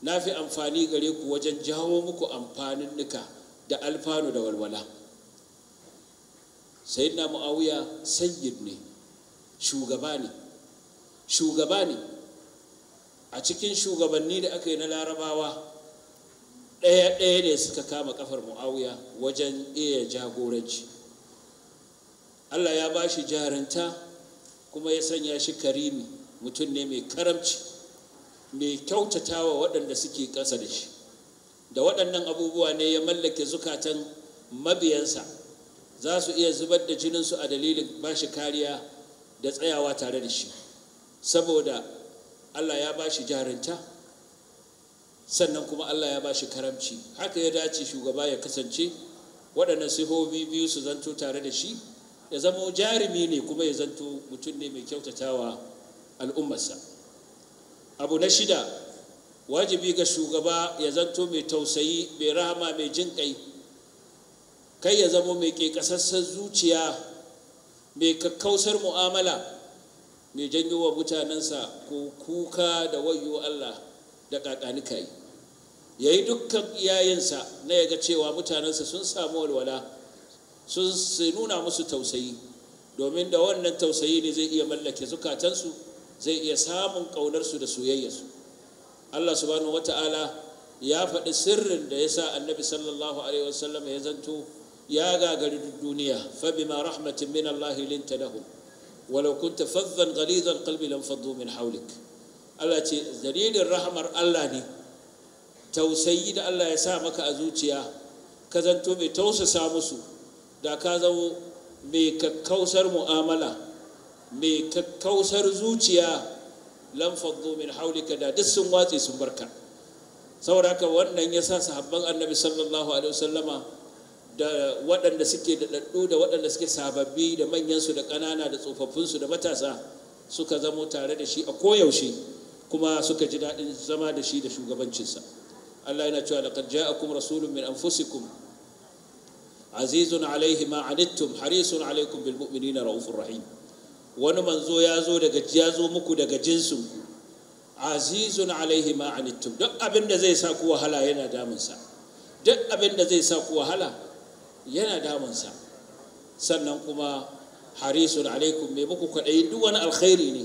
na fi amfani gare ku wajen jawo muku amfanin nuka da alfanu da walwala Sai na mu'awiya sayyid ne shugaba ne shugaba ne a cikin shugabanni da aka yi na larabawa ɗaya ɗaya ne suka kama kafar mu'awiya wajen iya jagoranci allah ya ba shi jaranta kuma ya sanya shi karimi mutum ne mai karamci mai kyautatawa waɗanda suke ƙasa da shi da waɗannan abubuwa ne ya mallake zukatan mabiyansa za su iya zubar da jininsu a dalilin ba shi kariya da tsayawa tare da shi saboda allah ya ba shi jarinta sannan kuma allah ya ba shi karamci haka ya dace shugaba ya kasance waɗannan sihobi biyu su zanto tare da shi ya zama jarumi ne kuma ya zanto mutum ne mai kyautatawa al'ummarsa abu na shida wajibi ga shugaba ya zanto mai tausayi mai rahama mai jin kai kai ya zamo mai ƙeƙasassar zuciya mai kakkausar mu'amala mai janyo wa mutanensa ko kuka da wayo allah da ƙaƙanika kai ya yi dukkan iyayensa na yaga cewa mutanensa sun samu walwala sun nuna musu tausayi domin da wannan tausayi ne zai iya mallake zukatansu zai iya samun ƙaunarsu da soyayyarsu allah subhanahu wata'ala ya faɗi sirrin da ya sa annabi sallallahu alaihi wasallam ya zanto ya gagari duniya fa bima rahmatin min Allah linta lahum walau kunta faddan ghalizan qalbi lam faddu min hawlik allah ce dalilin rahmar allah ne tausayi da allah ya sa maka a zuciya ka zanto mai tausasa musu da ka zamo mai kakkausar mu'amala mai kakkausar zuciya lamfaddu min haulika da duk sun watse sun barka saboda haka wannan ya sa sahabban annabi sallallahu alaihi wasallama da waɗanda suke da ɗaɗɗu da waɗanda suke sababbi da manyansu da ƙanana da tsofaffinsu da matasa suka zamo tare da shi a koyaushe kuma suka ji daɗin zama da shi da shugabancinsa allah yana cewa laqad ja'akum rasulun min anfusikum azizun alaihi ma anittum harisun alaikum bil mu'minina raufur rahim wani manzo ya zo daga ya zo muku daga jinsin ku azizun alaihi ma anittum duk abin da zai sa ku wahala yana damunsa duk abin da zai sa ku wahala yana damunsa sannan kuma harisun alaikum mai muku kwaɗayi duk wani alkhairi ne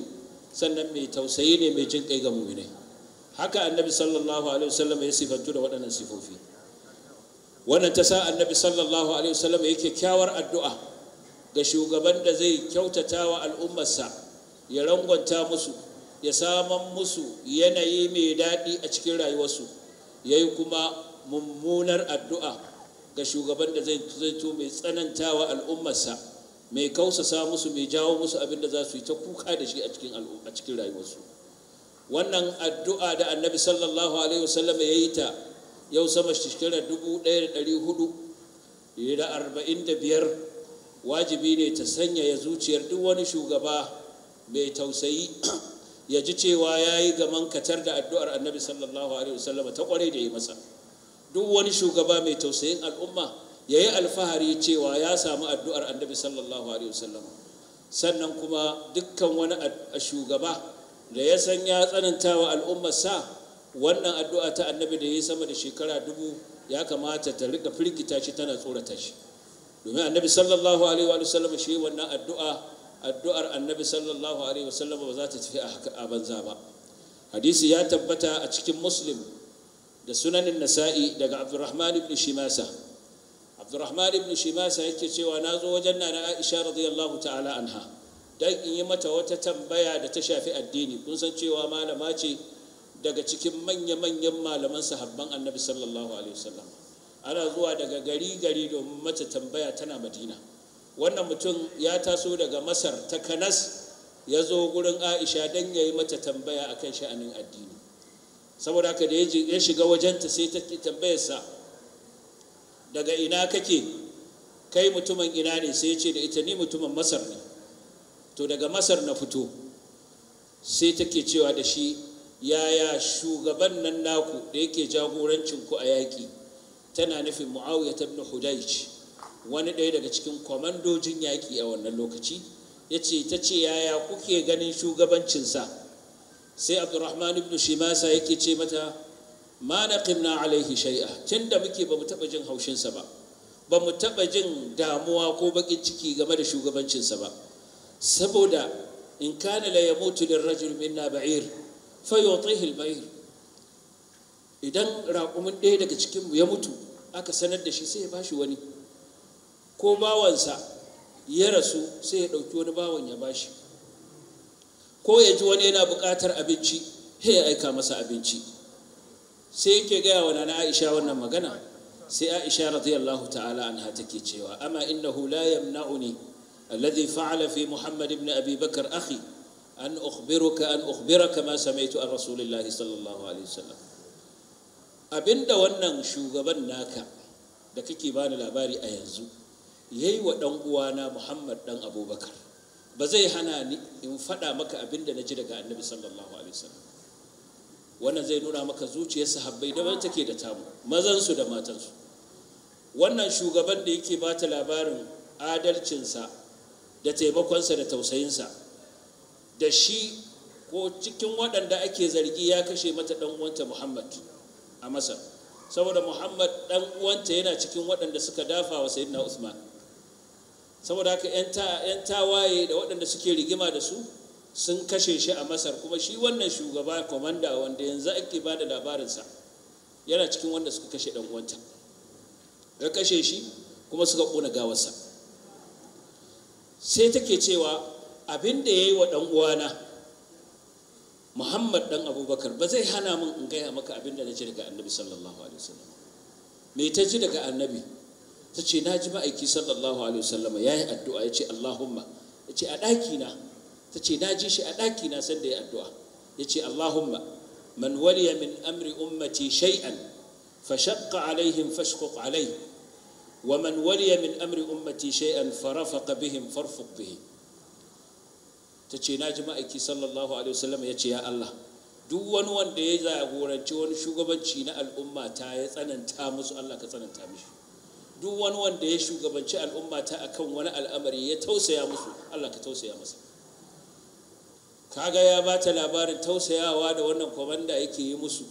sannan mai tausayi ne mai jin kai ga mu'minai haka annabi sallallahu alaihi wasallam ya sifantu da waɗannan sifofi wannan ta sa annabi sallallahu alaihi wasallam yake kyawar addu'a ga shugaban da zai kyautata wa al'ummarsa ya rangwanta musu ya saman musu yanayi mai daɗi a cikin rayuwarsu ya yi kuma mummunar addu'a ga shugaban da zai to mai tsananta wa al'ummarsa mai kausasa musu mai jawo musu abin da za su yi ta kuka da shi a cikin rayuwarsu wannan addu'a da annabi sallallahu alaihi wasallam ya yi ta yau sama shekarar 1445 wajibi ne ta sanyaya zuciyar duk wani shugaba mai tausayi ya ji cewa ya yi gaman katar da addu'ar annabi sallallahu alaihi wasallam ta kware da yi masa duk wani shugaba mai tausayin al'umma ya yi alfahari cewa ya samu addu'ar annabi sallallahu alaihi wasallam sannan kuma dukkan wani shugaba da ya san ya tsananta wa sa wannan addu'a ta annabi da ya yi sama da shekara dubu ya kamata ta rika firgita shi tana tsorata shi domin annabi sallallahu alaihi wa sallam shi wannan addu'a addu'ar annabi sallallahu alaihi wa sallam ba za ta tafi a banza ba hadisi ya tabbata a cikin muslim da sunanin nasa'i daga abdurrahman ibn shimasa abdurrahman ibn shimasa yake cewa na zo wajen na na aisha radiyallahu ta'ala anha dan in yi mata wata tambaya da ta shafi addini kun san cewa malama ce daga cikin manya-manyan malaman sahabban annabi sallallahu alaihi sallam. ana zuwa daga gari gari domin mace tambaya tana madina wannan mutum ya taso daga masar ta kanas ya zo gurin aisha don ya yi mata tambaya akan sha'anin addini saboda haka da ya shiga wajenta sai ta tambayarsa daga ina kake kai mutumin ina ne sai ya ce da ita ni mutumin masar ne to daga masar na fito sai take cewa da shi yaya shugaban nan naku da yake jagorancinku a yaƙi tana nufin muawiya ibn hudayj wani ɗaya daga cikin kwamandojin yaƙi a wannan lokaci ya ce ta ce yaya kuke ganin shugabancinsa sai abdurrahman ibn shimasa yake ce mata ma naqimna alaihi shai'a tun da muke ba mu taɓa jin haushinsa ba ba mu taɓa jin damuwa ko baƙin ciki game da shugabancinsa ba saboda in kana la yamutu lirrajul minna ba'ir fa yutihi al-ba'ir idan raƙumin ɗaya daga cikinmu ya mutu aka sanar da shi sai ya shi wani ko bawansa ya rasu sai ya ɗauki wani bawan ya shi. ko ya ji wani yana buƙatar abinci sai ya aika masa abinci sai yake gaya wa nana aisha wannan magana sai aisha radiyallahu ta'ala anha take cewa amma innahu la yamna'uni alladhi fa'ala fi muhammad ibn abi bakr akhi an ukhbiruka an ukhbiraka ma sami'tu an rasulillahi sallallahu alaihi wasallam abinda wannan shugaban naka da kake bani labari a yanzu ya yi wa ɗan uwana muhammad ɗan abubakar ba zai hana ni in faɗa maka abinda na ji daga annabi sallallahu alaihi wasallam wannan zai nuna maka zuciyar sahabbai daban take da tamu mazansu da matansu wannan shugaban da yake bata labarin adalcinsa da taimakonsa da tausayinsa da shi ko cikin waɗanda ake zargi ya kashe mata ɗan uwanta muhammad a masar saboda muhammad dan uwanta yana cikin waɗanda suka dafa wa sayyidina usman saboda haka 'yan tawaye da waɗanda suke rigima da su sun kashe shi a masar kuma shi wannan shugaba komanda wanda yanzu ake ba da labarinsa yana cikin wanda suka kashe dan uwanta ya kashe shi kuma suka ƙona gawarsa sai take cewa abin da ya yi wa ɗan uwana muhammad dan abubakar ba zai hana min in gaya maka abin da na ji daga annabi sallallahu alaihi wasallam me ta ji daga annabi ta ce na ji ma'aiki sallallahu alaihi wasallam ya yi addu'a ya ce allahumma ya ce a ɗakina ta ce na ji shi a ɗakina sanda ya addu'a ya ce allahumma man waliya min amri ummati shay'an fa shaqqa alaihim fashquq alaihi wa man waliya min amri ummati shay'an farafaqa bihim farfuq bihim ta ce na ji ma'aiki sallallahu alaihi wasallam ya ce ya Allah duk wani wanda ya jagoranci wani shugabanci na al'umma ta ya tsananta musu Allah ka tsananta mishi duk wani wanda ya shugabanci al'umma ta akan wani al'amari ya tausaya musu Allah ka tausaya masa kaga ya ba ta labarin tausayawa da wannan kwamanda yake yi musu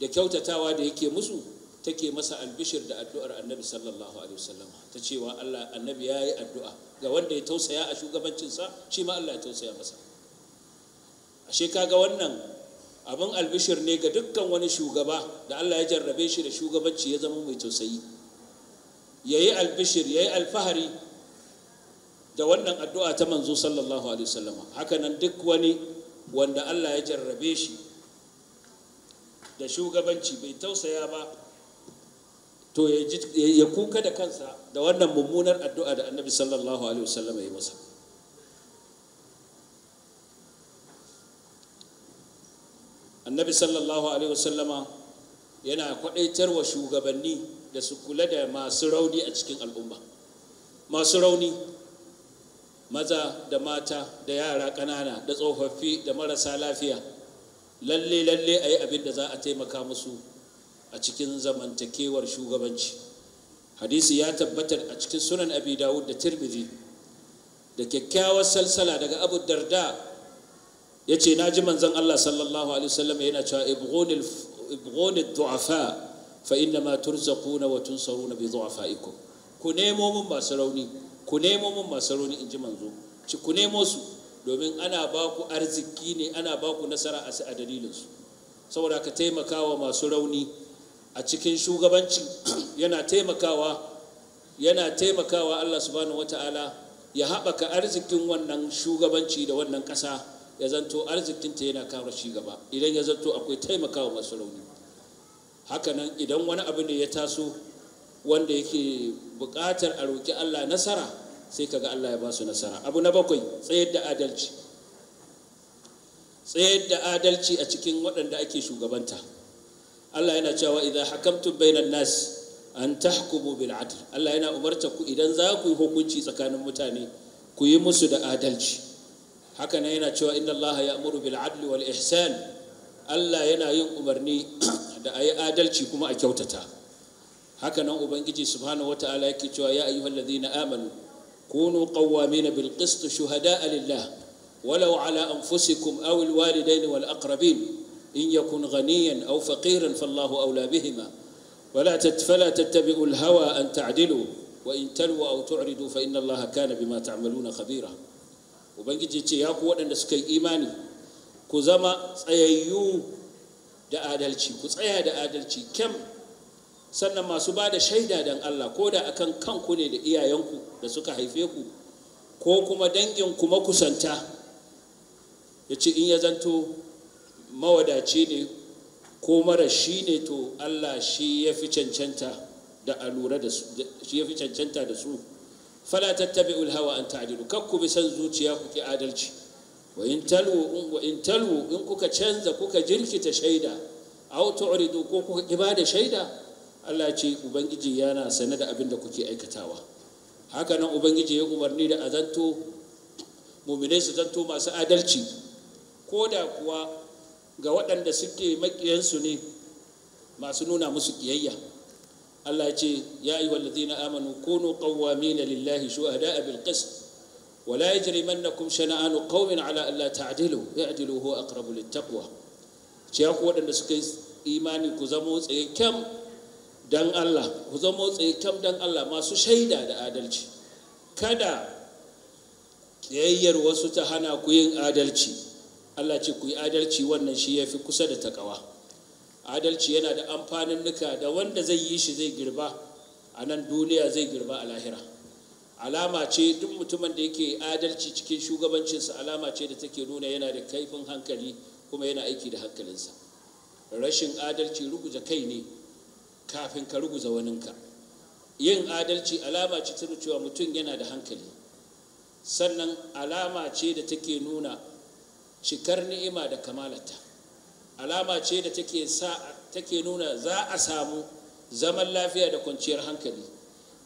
da kyautatawa da yake musu take masa albishir da addu'ar annabi sallallahu alaihi wasallam ta cewa Allah annabi ya yi addu'a ga wanda ya tausaya a shugabancinsa shi ma Allah ya tausaya masa ashe kaga wannan abin albishir ne ga dukkan wani shugaba da Allah ya jarrabe shi da shugabanci ya zama mai tausayi yayi albishir yayi alfahari da wannan addu'a ta manzo sallallahu alaihi wasallam haka nan duk wani wanda Allah ya jarrabe shi da shugabanci bai tausaya ba to ya kuka da kansa da wannan mummunar addu'a da annabi sallallahu alaihi wasallam ya masa annabi sallallahu alaihi wasallam yana kwadaitar wa shugabanni da su kula da masu rauni a cikin al'umma masu rauni maza da mata da yara ƙanana da tsofaffi da marasa lafiya lalle lalle a yi abin da za a taimaka musu a cikin zamantakewar shugabanci hadisi ya tabbatar a cikin sunan abi dawud da tirmidhi da kyakkyawar salsala daga abu darda ya ce na ji manzan allah sallallahu alaihi wasallam yana cewa ibghoni du'afa fa inna ma turzaquna wa tunsaruna bi du'afaikum ku nemo mun masu rauni ku nemo mun masu rauni in ji manzo ci ku nemo su domin ana ba ku arziki ne ana ba ku nasara a dalilinsu saboda ka taimaka wa masu rauni a cikin shugabanci yana taimakawa yana taimakawa Allah subhanahu wata'ala ya haɓaka arzikin wannan shugabanci da wannan ƙasa ya zanto arzikinta yana kawo ci gaba idan ya zanto akwai taimakawa masu rauni hakanan idan wani abu ne ya taso wanda yake buƙatar a roƙi Allah nasara sai kaga Allah ya ba su nasara abu na bakwai tsayar da adalci tsayar da adalci a cikin waɗanda ake shugabanta Allah yana cewa idza hakamtum bainan nas an tahkumu bil adl Allah yana umarta ku idan za ku yi hukunci tsakanin mutane ku yi musu da adalci haka nan yana cewa inna Allah ya bil adl wal ihsan Allah yana yin umarni da a yi adalci kuma a kyautata haka nan ubangiji subhanahu wataala yake cewa ya ayyuhalladhina amanu kunu qawwamina bil qist shuhada'a lillah ولو anfusikum أنفسكم walidaini wal aqrabin. إن يكن غنيا أو فقيرا فالله أولى بهما ولا فلا تتبعوا الهوى أن تعدلوا وإن تلووا أو تعرضوا فإن الله كان بما تعملون خبيرا وبنجي تي يا قوة أن سكي إيماني كزما تسيو da adalci ku tsaya da adalci kyam sannan masu ba da shaida don Allah ko da akan kanku ne da iyayenku da suka haife ku ko kuma danginku makusanta ya ce in ya zanto mawadaci ne ko mara shi ne to allah shi ya fi cancanta da a lura da su shi ya fi cancanta da su fala tattabi ulhawa an ta'adilu kakku bi san zuciya ku ki adalci wa in talwu in talwu in kuka canza kuka jirkita shaida aw tu'ridu ko kuka ibada shaida Allah ce ubangiji yana sane da abin da kuke aikatawa haka nan ubangiji ya umarni da azanto mu'minai su zanto masu adalci ko da kuwa ga waɗanda suke maƙiyansu ne masu nuna musu ƙiyayya Allah ce ya yi wallazina amanu kunu na lillahi shuhada'a bil qist ولا يجرمنكم شنآن قوم على ألا تعدلوا اعدلوا هو أقرب للتقوى ya ku waɗanda suka yi imani ku zamo tsayayyam don Allah ku zamo tsayayyam don Allah masu shaida da adalci kada tsayayyar wasu ta hana ku yin adalci Allah ce ku yi adalci wannan shi ya fi kusa da takawa adalci yana da amfanin nuka da wanda zai yi shi zai girba a nan duniya zai girba a lahira alama ce duk mutumin da yake adalci cikin shugabancinsa alama ce da take nuna yana da kaifin hankali kuma yana aiki da hankalinsa rashin adalci ruguza kai ne kafin ka ruguza waninka yin adalci alama ce ta cewa mutum yana da hankali sannan alama ce da take nuna cikar ni'ima da kamalata alama ce da take sa take nuna za a samu zaman lafiya da kwanciyar hankali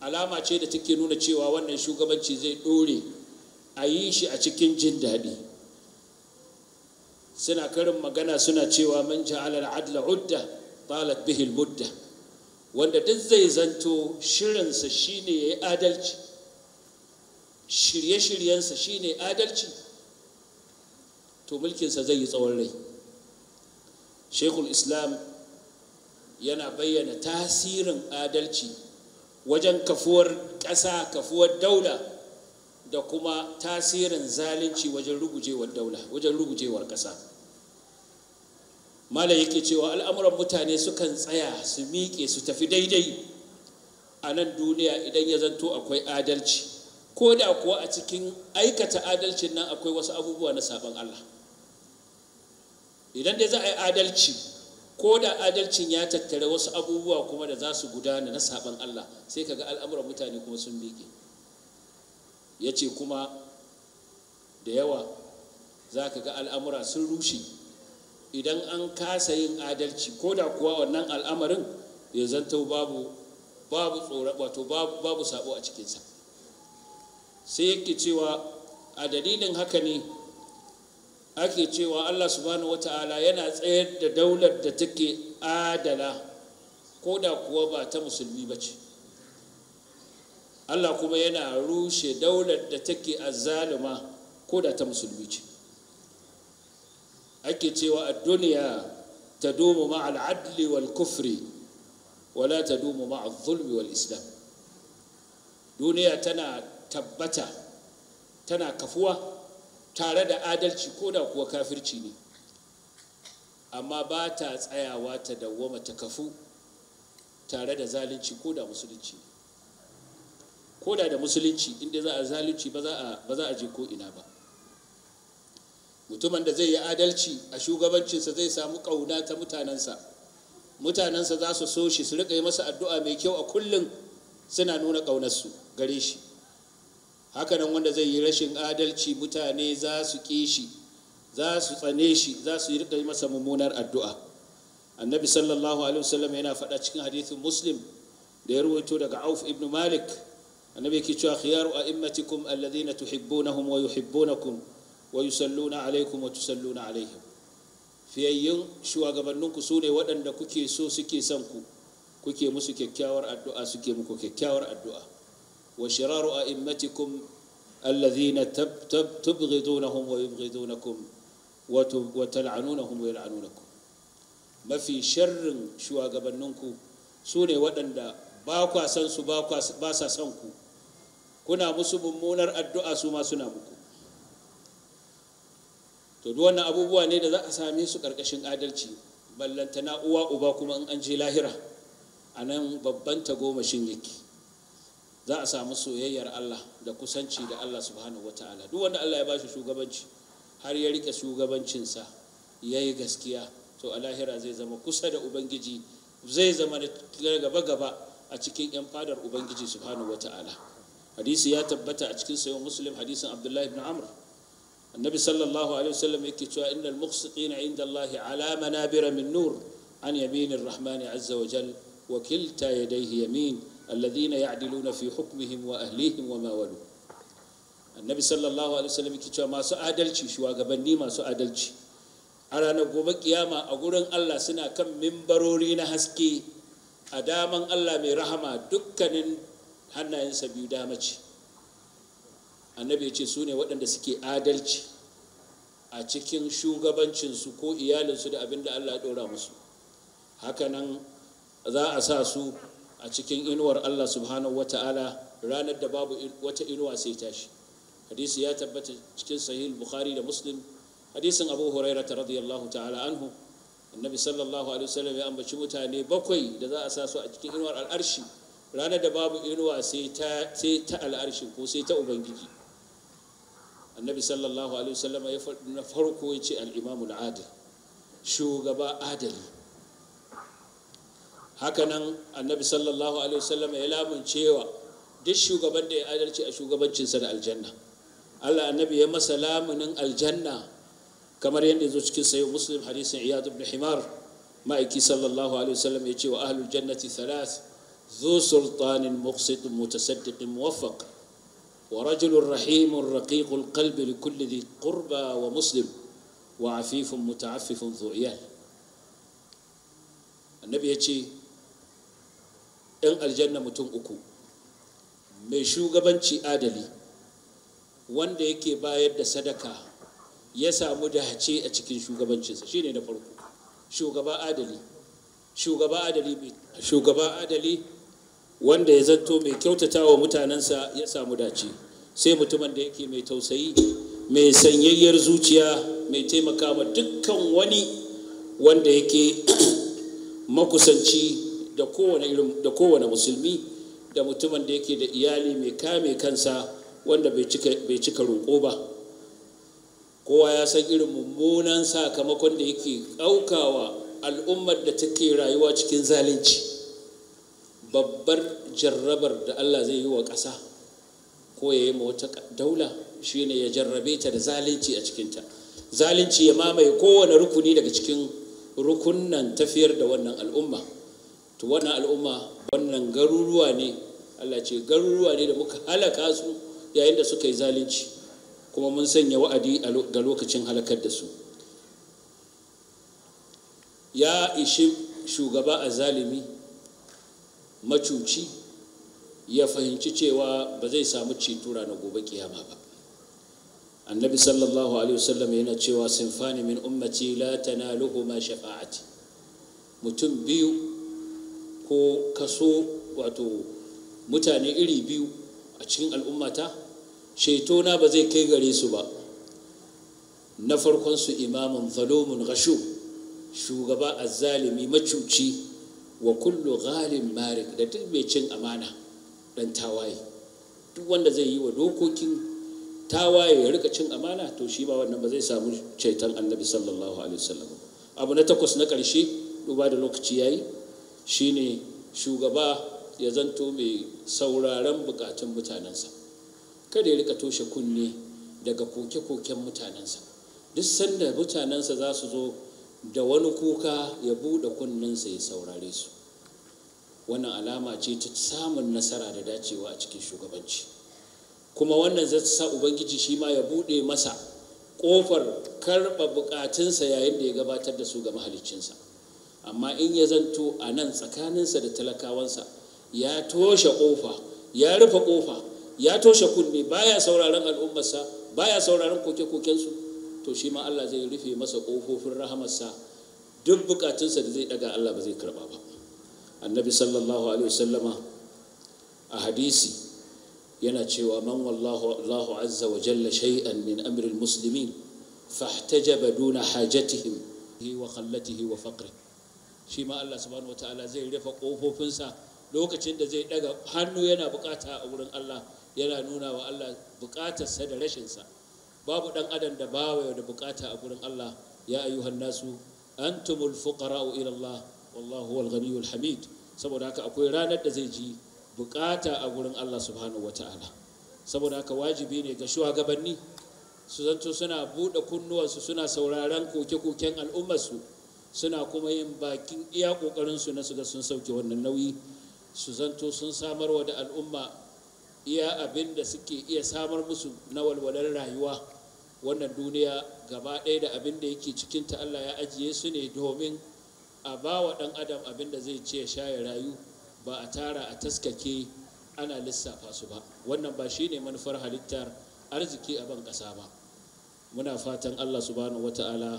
alama ce da take nuna cewa wannan shugabanci zai dore a yi shi a cikin jin daɗi suna karin magana suna cewa man ja'ala al udda talat bihi mudda wanda duk zai zanto shirinsa shine yayi adalci shirye-shiryensa shine adalci to mulkinsa zai yi tsawon rai shekul islam yana bayyana tasirin adalci wajen kafuwar ƙasa kafuwar daula da kuma tasirin zalunci wajen rugujewar daula wajen rugujewar ƙasa mala yake cewa al'amuran mutane sukan tsaya su miƙe su tafi daidai a nan duniya idan ya zanto akwai adalci ko da kuwa a cikin aikata adalcin nan akwai wasu abubuwa na sabon allah idan dai za a yi adalci ko da adalcin ya tattare wasu abubuwa kuma da za su gudana na saban Allah sai ka ga al'amuran mutane kuma sun miƙe ya ce kuma da yawa za ka ga al'amura sun rushe idan an kasa yin adalci ko da kuwa wannan al'amarin ya zanta babu babu tsoron wato babu babu sabo a cikinsa sai yake cewa a dalilin haka ne ake cewa Allah subhanahu wata'ala yana tsayar da daular da take adala ko da kuwa ba ta musulmi ba ce Allah kuma yana rushe daular da take azzaluma ko da ta musulmi ce ake cewa a duniya ta domo ma wal kufri wala ta domo ma zulmi wal islam duniya tana tabbata tana kafuwa tare da adalci ko da kuwa kafirci ne amma ba ta tsayawa ta dawoma ta kafu tare da zalunci ko da musulunci ko da da musulunci inda za a zalunci ba za a je ko ina ba mutumin da zai yi adalci a shugabancinsa zai samu kauna ta mutanensa mutanensa za su so shi su riƙa yi masa addu'a mai kyau a kullum suna nuna ƙaunarsu gare shi hakanan wanda zai yi rashin adalci mutane za su ƙi shi za su tsane shi za su yi rika masa mummunar addu'a annabi sallallahu alaihi wasallam yana faɗa cikin hadithin muslim da ya ruwaito daga auf ibn malik annabi yake cewa khiyaru a'immatikum alladhina tuhibbunahum wa yuhibbunakum wa yusalluna alaikum wa tusalluna alaihim fiyayyun shugabanninku ku sune waɗanda kuke so suke son ku kuke musu kyakkyawar addu'a suke muku kyakkyawar addu'a وشرار أئمتكم الذين تب تب تبغضونهم ويبغضونكم وتلعنونهم ويلعنونكم ما في شر شو أجبنكم سوني ودندا باكو أسنسو باكو باسا سنكو كنا مسلم مونر الدعاء سما سنا مكو to duk wannan abubuwa ne da za a same su ƙarƙashin adalci ballantana uwa uba kuma in an je lahira a nan babban tagomashin yake za a samu soyayyar Allah da kusanci da Allah subhanahu ta'ala duk wanda Allah ya bashi shugabanci har ya rike shugabancinsa ya yi gaskiya to a lahira zai zama kusa da ubangiji zai zama da gaba gaba a cikin yan fadar ubangiji subhanahu ta'ala hadisi ya tabbata a cikin sayo muslim hadisin abdullahi ibn amr annabi sallallahu alaihi wasallam yake cewa innal muqsitina inda Allah ala manabira min nur an yaminin rahmani azza wa jal wa kilta yadayhi yamin alladhina ya'diluna fi hukmihim wa ahlihim wa ma walu annabi sallallahu alaihi wasallam yake cewa masu adalci shugabanni masu adalci a ranar gobe kiyama a gurin Allah suna kan mimbarori na haske a daman Allah mai rahama dukkanin hannayensa biyu dama ce annabi ya ce su ne waɗanda suke adalci a cikin shugabancinsu ko iyalinsu da abinda Allah ɗora musu Haka nan za a sa su a cikin inuwar Allah subhanahu wa ta'ala ranar da babu wata inuwa sai tashi hadisi ya tabbata cikin sahih bukhari da muslim hadisin abu huraira ta radiyallahu ta'ala anhu annabi sallallahu alaihi wasallam ya ambaci mutane bakwai da za a sa su a cikin inuwar al'arshi ranar da babu inuwa sai ta sai ta al'arshi ko sai ta ubangiji annabi sallallahu alaihi wasallam ya na farko ya ce al-imamul adil shugaba adali hakanan annabi sallallahu alaihi wasallam ya lamun cewa duk shugaban da ya adalci a shugabancinsa da aljanna allah annabi ya masa lamunin aljanna kamar yadda zo cikin sayo muslim hadisin iyad ibn himar ma'aiki sallallahu alaihi wasallam ya ce wa ahlul jannati thalath ذو سلطان مقسط متصدق موفق ورجل رحيم رقيق القلب لكل ذي قربى ومسلم وعفيف متعفف ذو عيال النبي Ɗan aljanna mutum uku mai shugabanci adali wanda yake bayar da sadaka ya samu dace a cikin shugabancinsa Shi ne na farko shugaba adali shugaba adali shugaba adali wanda ya zanto mai kyautata wa mutanensa ya samu dace sai mutumin da yake mai tausayi mai sanyayyar zuciya mai taimaka ma dukkan wani wanda yake makusanci da kowane musulmi da mutumin da yake da iyali mai kame kansa wanda bai cika roƙo ba kowa ya san irin mummunan sakamakon da yake ɗaukawa al'ummar da take rayuwa cikin zalunci babbar jarrabar da allah zai yi wa ƙasa ko ya yi wata daula shine ya jarrabe ta da zalunci a cikinta zalunci ya mamaye kowane rukuni daga cikin rukunan tafiyar da wannan al'umma to wannan al'umma wannan garuruwa ne Allah ce garuruwa ne da muka halaka su yayin da suka yi zalunci kuma mun sanya wa'adi ga lokacin halakar da su ya ishi shugaba a zalimi macuci ya fahimci cewa ba zai samu cetura na gobe kiyama ba annabi sallallahu alaihi wasallam yana cewa sinfani min ummati la ma shafa'ati mutum biyu ko kaso wato mutane iri biyu a cikin al'ummata shaitona ba zai kai gare su ba na farkon su imamun zalomin gashu shugaba azzalimi macuci wa kullu ghalin marik da duk mai cin amana dan tawaye duk wanda zai yi wa dokokin tawaye ya rika cin amana to shi ba wannan ba zai samu ceton annabi sallallahu alaihi wasallam abu na takwas na ƙarshe duba da lokaci yayi shine shugaba ya zanto mai sauraren bukatun mutanensa kada ya rika toshe kunne daga koke-koken mutanensa duk sanda mutanensa za su zo da wani kuka ya buɗe kunninsa ya saurare su wannan alama ce ta samun nasara da dacewa a cikin shugabanci kuma wannan zai sa ubangiji shi ma ya buɗe masa ƙofar karɓa bukatunsa yayin da ya gabatar da su ga mahaliccinsa. amma in ya zanto a nan tsakaninsa da talakawansa ya toshe ƙofa ya rufe ƙofa ya toshe kunne baya sauraron al'ummarsa baya sauraron koke-kokensu to shi ma Allah zai rufe masa kofofin rahamarsa duk bukatunsa da zai daga Allah ba zai karba ba annabi sallallahu alaihi wasallama a hadisi yana cewa man wallahu Allahu azza wa jalla shay'an min amri al fahtajaba duna hajatihim wa qallatihi wa faqrihi shi ma Allah subhanahu ta'ala zai rufe kofofinsa lokacin da zai ɗaga hannu yana bukata a wurin Allah yana nuna wa Allah bukatarsa da rashinsa babu ɗan adam da bawa da bukata a wurin Allah ya ayyuhan nasu antumul fuqara'u ila Allah wallahu wal ghaniyul hamid saboda haka akwai ranar da zai ji bukata a wurin Allah subhanahu wa ta'ala. saboda haka wajibi ne ga shugabanni su zanto suna buɗe kunnuwansu suna sauraron koke-koken al'ummarsu suna kuma yin bakin iya su na su sun sauke wannan nauyi su zanto sun samar wa da al'umma iya abin da suke iya samar musu na walwalar rayuwa wannan duniya gaba ɗaya da abin da yake ta allah ya ajiye su ne domin a ba wa ɗan adam abin da zai ce ya sha ya rayu ba a tara a taskake ana lissafa su ba wannan ba shi ne manufar halittar arziki a ban ƙasa ba muna fatan allah subhanahu wata'ala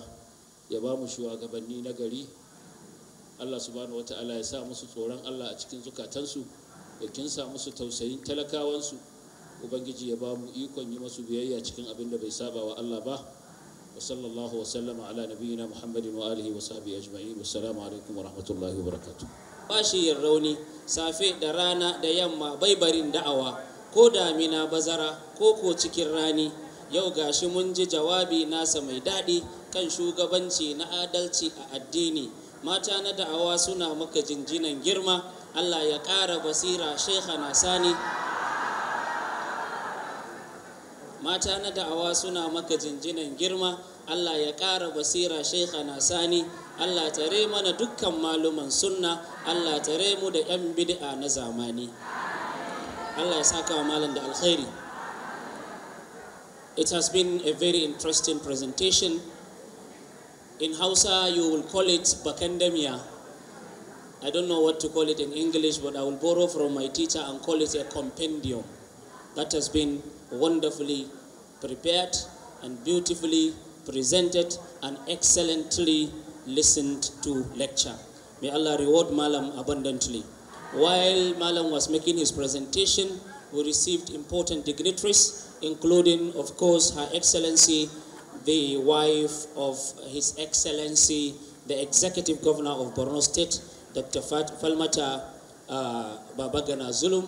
ya ba mu shugabanni na gari allah subhanahu wata'ala ya sa musu tsoron allah a cikin zukatansu ya kinsa musu tausayin talakawansu ubangiji ya ba mu ikon yi masu biyayya cikin abin da bai saba wa allah ba wa sallallahu wa sallama ala nabiyyina muhammadin wa alihi wa sahbihi ajma'in wassalamu alaikum wa rahmatullahi wa barakatuh bashi yin rauni safe da rana da yamma bai barin da'awa ko damina bazara ko ko cikin rani yau ga shi mun ji jawabi nasa mai daɗi kan shugabanci na adalci a addini mata na da'awa suna maka jinjinan girma allah ya ƙara basira shekha na sani mata na da'awa suna maka jinjinan girma allah ya ƙara basira shekha na sani allah tare mana dukkan maluman sunna allah tare mu da 'yan bid'a na zamani allah ya saka wa malam da alkhairi It has been a very interesting presentation. In Hausa, you will call it bakendemia. I don't know what to call it in English, but I will borrow from my teacher and call it a compendium. That has been wonderfully prepared and beautifully presented and excellently listened to lecture. May Allah reward Malam abundantly. While Malam was making his presentation, we received important dignitaries including, of course, Her Excellency, the wife of His Excellency, the Executive Governor of Borno State, Dr. Falmata uh, Babagana Zulum,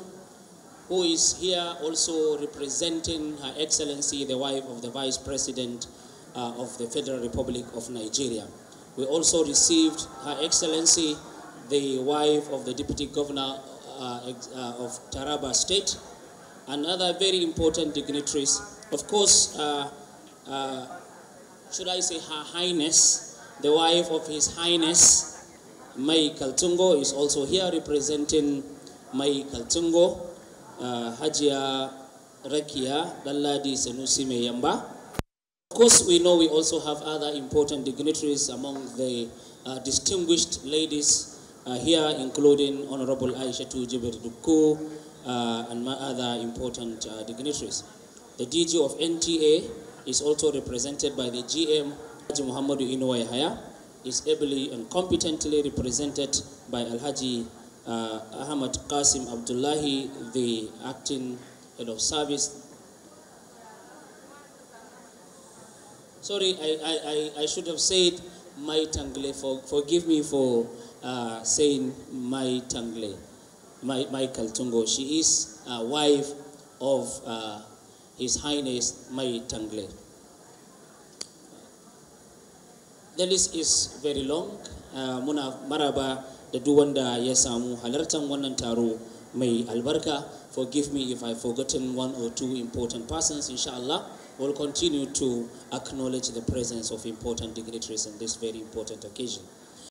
who is here also representing Her Excellency, the wife of the Vice President uh, of the Federal Republic of Nigeria. We also received Her Excellency, the wife of the Deputy Governor uh, uh of Taraba State, and other very important dignitaries. Of course, uh, uh, should I say Her Highness, the wife of His Highness, Mai Kaltungo is also here representing Mai Kaltungo, uh, Hajia Rakia Dalladi Senusi Meyamba. Of course, we know we also have other important dignitaries among the uh, distinguished ladies uh, here, including Honorable Aisha Tujibir uh, and my other important uh, dignitaries. The DG of NTA is also represented by the GM, Haji Muhammadu Inouye is ably and competently represented by Alhaji uh, Ahmad Qasim Abdullahi, the acting head of service. Sorry, I, I, I should have said my tangle, for, forgive me for uh, saying my tangle. Michael Tungo. She is a wife of uh, His Highness Mai Tangle. The list is very long. Uh, muna maraba da duk wanda ya samu halartar wannan taro mai albarka. Forgive me if I've forgotten one or two important persons, inshallah. We'll continue to acknowledge the presence of important dignitaries on this very important occasion.